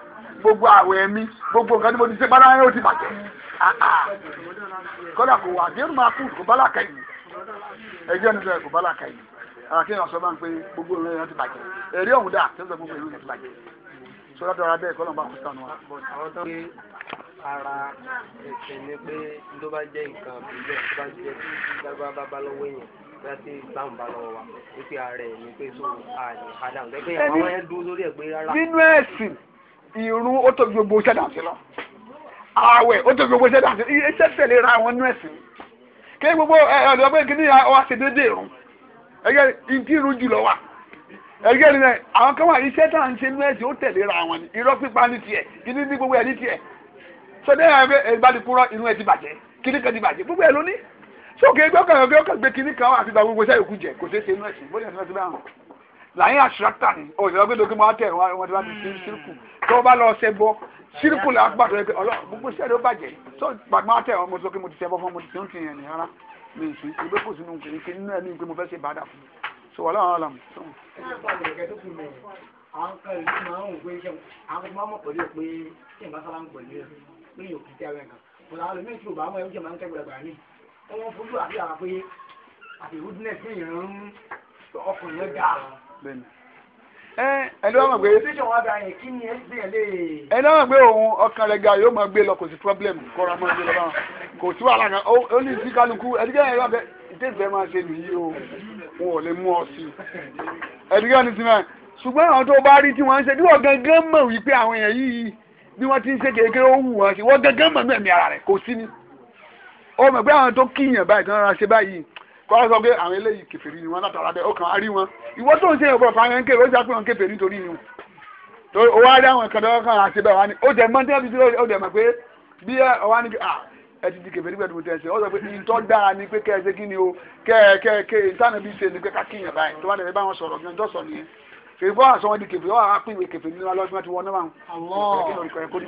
gbogbo àwẹ̀ mi gbogbo nǹkan tí mo ti ṣe gbára yóò ti bàjẹ́ ah, ah. kódà kò wà dé máa kú kò bálà kẹyìn ẹjẹ́ ní sọ kò bálà kẹyìn àti ìyàn sọ bá ń pé gbogbo ìrìn yẹn ti bàjẹ́ èrè ọ̀hún dà tó sọ gbogbo ìrìn yẹn ti bàjẹ́ sọ lọ́dọ̀ ara bẹ́ẹ̀ kọ́lọ́mbà ara ẹsẹ̀ ni pé ló bá jẹ́ nǹkan àbílẹ̀ tó bá jẹ́ lágbára bá lọ́wọ́ èèyàn láti gbàǹbà lọ́wọ́ wa wípé ara ẹ̀ ni pé tó àyè padà nínú ẹ̀sìn irú ó tóbi gbogbo iṣẹ́ dànsí lọ ààwẹ̀ ó tóbi gbogbo iṣẹ́ dànsí iṣẹ́ tẹ̀lé ra àwọn inú ẹ̀sìn kí gbogbo ọ̀dọ̀ pé kí ni ọ wá ṣe déédéé rùn ẹgbẹ́ ìdí irú jùlọ wà ẹgbẹ́ rẹ̀ àwọn kan wà iṣẹ́ dànsí inú ẹ̀sìn ó tẹ̀lé ra àwọn ni irọ́ pípa ní tiẹ̀ kí ni ní gbogbo ẹ̀ ní tiẹ̀ sọdẹ́ ẹ̀ bá ti kúrọ́ inú ẹ̀ ti bàjẹ́ kí ni kan ti bàjẹ́ gbogbo ẹ̀ lóní sókè gbọ́kàn gbé kí ni kan wà àfi láyé àṣírátà ni òṣèlú ọgbẹ́ dókè máa tẹ̀ wọ́n ti wá ti ṣírkù tó o bá lọ ṣe bọ́ ṣírkù là á gbàdúrà pé ọlọ́run gbogbo iṣẹ́ rẹ̀ ó bàjẹ́ tó máa tẹ̀ wọ́n mo sọ pé mo ti ṣe bọ́ fún mo ti ṣe ń ti yẹn nìyàrá mi ì sí ìgbé kò sínú nǹkan ìṣe nínú ẹni pé mo fẹ́ ṣe bàdà fún so wà láwọn ọ̀làmù. àwọn kan ìlú máa ń wò pé àwọn kan máa mọ̀ pẹ̀lú ẹ̀ pé tí ìbá sábà ń pẹ̀lú ẹ̀ pé yóò kí tẹ́wẹ̀ kan kò láwọn ẹlòmíì tí ò bá mọ̀ ẹ̀ ń jẹ́ máa ń kẹ́gbẹ̀rẹ̀ gbà ní wọ́n fojú àbí àrà pé àti ìrúdínẹ̀ sí ìrìn ọkùnrin dáa ẹni wọ́n mọ̀ pé ẹni wọ́n mọ̀ pé òun ọkàn rẹ̀ ga yóò máa gbé lọ kò sí problem kọ́ra máa gbé lọ báwọn kò sí wàhálà kan ó ní sí kálukú ẹni kẹ́hìn ẹ̀rọ ìdẹ́gbẹ́ máa ṣe nìyí o wọn ò lè mú ọ sí ẹni kẹ́hìn ti náà ṣùgbọ́n àwọn tó bá rí tí wọ́n ń ṣe bí wọ́n gangan mọ̀ wípé àwọn èèyàn yìí bí wọ́n ti ń ṣe kékeré ó wù wọ́n ṣe wọ́n gangan mọ̀ ní ẹ̀mí ara rẹ̀ kò sí ni ó mọ̀ pé àwọn tó kíyàn báyìí kan rárá ṣe báyìí kọ́ sọ pé àwọn eléyìí kèfèrí ni wọ́n látara bẹ́ẹ̀ ọkàn arí wọn ìwọ tó ń ṣe ìwọ fún àwọn kéèrè ó jápé wọn kèfèrí nítorí ni tó o wá rí àwọn ìkànnì ọkàn àti bẹ́ẹ̀ wá ní ó jẹ mọ́ tí wọ́n fi dúró ó jẹ mọ́ pé bí ẹ wá ní ẹ ti di kèfèrí pẹ̀lú mo tẹ̀ ṣe ó sọ pé ìtọ́ dára ni pé kẹ́ ẹ ṣe kí ni o kẹ́ ẹ kẹ́ ẹ kẹ́ ẹ ìtànà bí ṣe ni pé ká kíyàn báyìí tó bá dẹ̀ bá wọn sọ̀rọ̀ gan jọ́sọ̀ nìyẹn kèfèrí bọ́ àṣọ wọn di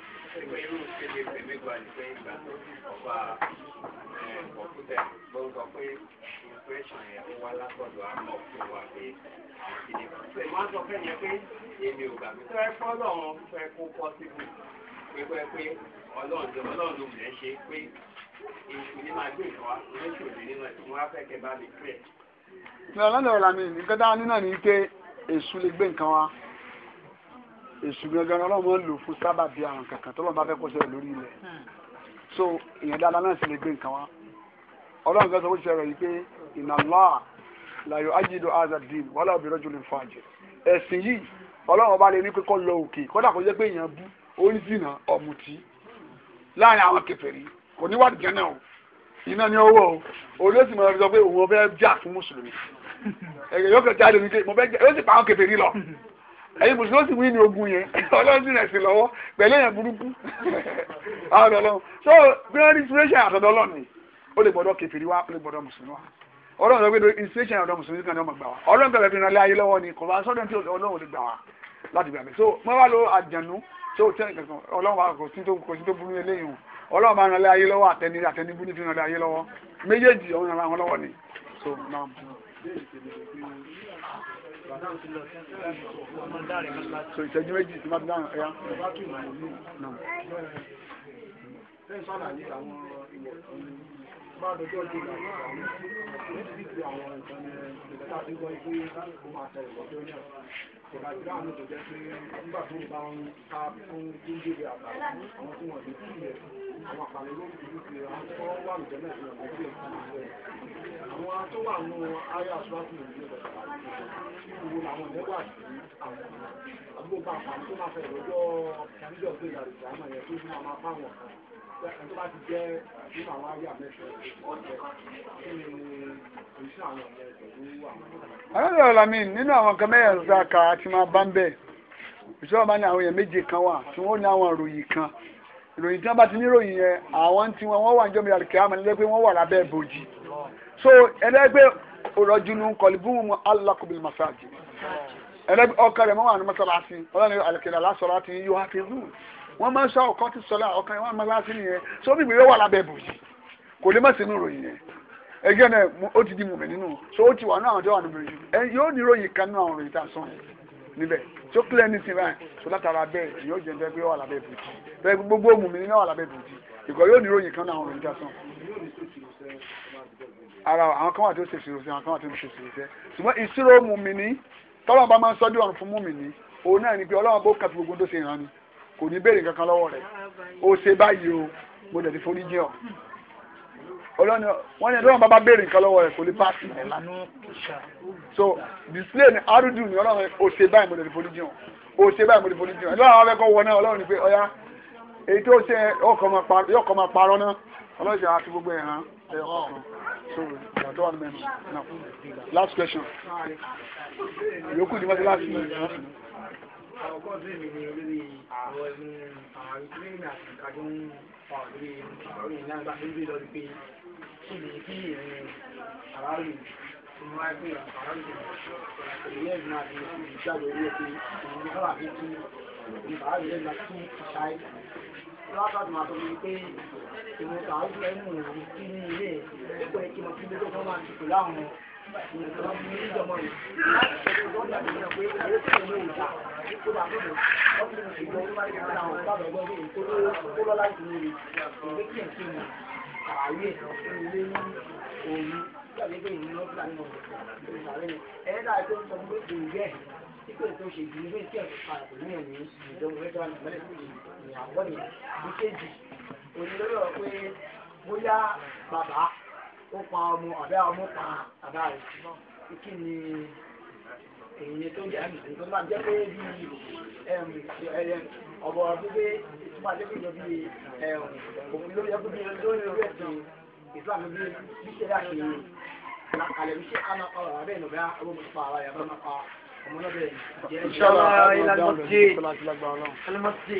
irú ìṣẹ̀lẹ̀ tèmi gba ni pé ìgbà tó ti ọba kọ̀ǹpútà gbọ́ngàn pé impression yẹn ó wá látọ̀dọ̀ àmọ́ fún wa pé ìdílé kọ̀ǹpútà wọ́n sọ fẹ́ yẹn pé èmi ò gbà mí tó ẹ fọ́ lọ́run fẹ́ kó pọ́sibú pípẹ́ pé ọlọ́run ọlọ́run ló lè ṣe pé ìṣòlè máa gbé ìṣọ́ ìṣòlè nínú ẹ̀sìn wọn á fẹ́ kẹ́ bá mi pẹ́. ní ọlọ́dọ̀ ọ̀la mi nǹkan dáa nínú ni pé èṣù lè gbé nǹkan wa èṣù gangan ọlọ́run lò fún sábà bíi àwọn kankan tó lọ́n bá fẹ́ kó ṣẹlẹ̀ lórí ilẹ̀ so ìyẹn dáadáa náà sì lè gbé nǹkan wá ọlọ́run kan sọ fún ṣẹlẹ̀ yìí pé inna Allah la yu'ajjidu hadha ad-din wala bi rajulin fajir ẹ̀sìn yìí ọlọ́run ọba lè ní pé kó lọ òkè kódà kó jẹ́ pé èèyàn bú oníṣìnà ọ̀mùtí láàrin àwọn kèfèrí kò ní wádìí gan náà o iná ní owó o olóòsì máa sọ pé òun fẹ́ jà fún mùsùlùmí ẹ̀yọ́ kẹta lè ní pé mo fẹ́ jà yóò sì pa àwọn kèfèrí lọ ẹ̀yin mùsùlùmí sì wí ní ogun yẹn ọlọ́run sì rẹ̀ sí lọ́wọ́ pẹ̀lú èèyàn burúkú àwọn ọlọ́run so grand inspiration àtọ̀dọ̀ ọlọ́run ni ó lè gbọ́dọ̀ kẹfìrí wa ó lè gbọ́dọ̀ mùsùlùmí wa ọlọ́run sọ pé inspiration ọ̀dọ̀ mùsùlùmí kan ní ọmọ gbà wá ọlọ́run bẹ̀rẹ̀ fi ràn lé ayé lọ́wọ́ ni kò bá sọ́dọ̀ tí ọlọ́run lè gbà wá láti gbà mí so mo wá lo àjànú so ọlọ́run wa kò sí tó burú eléyìí ọlọ́run bá ràn lé ayé lọ́wọ́ àtẹni àtẹni bú ní fi ràn lé ayé lọ́wọ́ méjèèjì ọ̀run ràn àwọn lọ́wọ́ ni so náà so ìṣẹ́jú méjì tí máa dáhùn ẹ̀yà. Fẹ́ǹsì àlàyé máa dọjọ́ ọjọ́ ìgbà náà ní ti ti àwọn ìtàn ìgbà tí wọ́n pé ó máa sọ ìwọ́jọ́ náà ìgbà tí láàánú tó jẹ́ pé nígbà tó ń bá ń ta fún jíjèrè àtàwọn àwọn tí wọ́n ti kí ilẹ̀ àwọn àpàlẹ́ ló ti ti àwọn tó wà lùjẹ́ náà ti ọ̀gbẹ́ sí ẹ̀kọ́ àwọn tó wà nù ayé àṣùwàsì ìlú ìwò làwọn ìlẹ́wà sí àwọn àgbókà àpàlẹ́ tó máa fẹ́ ìrọ̀jọ́ ìjọba ìgbà ìgbà àmọ̀ yẹn tó máa máa bá wọn kan tó bá ti jẹ́ nípa àwọn àríyá mẹ́fẹ́ ọ̀jẹ̀ kí ni òṣìṣẹ́ àwọn ọ̀rẹ́ rẹ̀ pẹ̀lú àwọn ọ̀rẹ́. àwọn ọ̀rẹ́ mi nínú àwọn nǹkan mẹ́rin ṣáàkà àti máa bá ń bẹ̀ òṣìṣẹ́ ọba ní àwọn èèyàn méje kan wà tí wọ́n ní àwọn ìròyìn kan ìròyìn tí wọ́n bá ti ní ìròyìn yẹn àwọn tí wọ́n wọ́n wà ní jọ́mìlá kẹ́ àmọ́ ẹlẹ́gbẹ́ wọ́n wà lábẹ́ ìbòjì so ẹlẹ́gbẹ́ òrọ̀jùnú kọ̀lìbùmù alákùnrin masáàjì ẹlẹ́gbẹ́ ọkọ rẹ̀ mọ́ wà mọ́sálásí ọlọ́run àlẹ́kẹ́lẹ́ aláṣọ láti yóò hákẹ́ zuu wọ́n máa ń ṣá ọ̀kan ti sọ́lá ọ̀kan ìwọ́n máa láti nìyẹn so bíbí rẹ̀ wà lábẹ́ bù yìí kò lè má sí inú ìròyìn yẹn ẹgbẹ́ náà ó ti di mùmí nínú so ó ti wà ní àwọn tó wà níbi ìròyìn ẹ yóò ní ìròyìn kan nínú àwọn ìròyìn tá a sọ níbẹ̀ tí ó kílẹ̀ ní ti rẹ̀ so látara bẹ́ẹ̀ yóò jẹ́ bẹ́ẹ̀ pé wà lábẹ́ bù yìí gbogbo mùmí nínú wà lábẹ́ bù yìí ìkọ̀ yóò ní ìròyìn kan nínú àwọn ìròyìn tá a sọ ni pé ọlọ́run bó kàfi kò ní béèrè kankan lọ́wọ́ rẹ̀ ó ṣe báyìí o mo dẹ̀ ti forí jìn ọ́ ọlọ́ni wọ́n ní ẹ̀dọ́rọ̀ bàbá béèrè nǹkan lọ́wọ́ rẹ̀ kò lè pàṣẹ so display ni arudu ni ọlọ́run ó ṣe báyìí mo dẹ̀ ti forí jìn ọ́ ó ṣe báyìí mo dẹ̀ forí jìn ọ́ ẹ̀dọ́rọ̀ àwọn akẹ́kọ̀ọ́ wọ náà ọlọ́run ni pé ọ̀ya èyí tó ṣe yóò kọ́ máa parọ́ náà ọlọ́run ṣe àti gbogbo ẹ̀ hàn ẹ̀ ọ̀kan so ìyàtọ̀ wà nínú last question àkọ́kọ́ sí mi ni lórí àwọn àwọn ìpínlẹ̀ àti ìkájọ́ ń pa àwọn ìlànà ìgbà tó ń gbé lọ́dún pé kí ni kí ìrìn àwárí ìmọ̀ àìpé àwárí ìrìn ẹ̀dùn àti ìjáde orí ẹ̀pẹ́ ìrìn káwà fi tú ìrìn àwárí ẹ̀dùn àti tún ṣáì lọ́pàá máa tọ́jú pé ìmọ̀ àwárí ẹ̀mù kí ní ilé ẹ̀kọ́ ẹ̀kí mọ̀ sí gbogbo tó máa ti pẹ̀lú àwọn àlàyé bóyá bàbá ó pa ọmọ àbẹ́ ọmọ pa bàbá rẹ̀ ṣùgbọ́n kí ni èyí tó yẹ ẹ̀mí tó máa jẹ́ pé bí ọ̀bọ̀ gbígbé tó máa jẹ́ pé ìjọba òfin ló yẹ kó bí lórí orí ẹ̀sìn ìsìlámù bí bí ṣe dáṣe àlẹ́ bí ṣe àná ọ̀rọ̀ abẹ́ ìnàbẹ́ àwọn ọmọ ìfọ̀ àwọn ìyàbọ̀ máa pa ọmọ náà bẹ̀rẹ̀ jẹ́ ìṣọ́lá ìlànà mọ́tì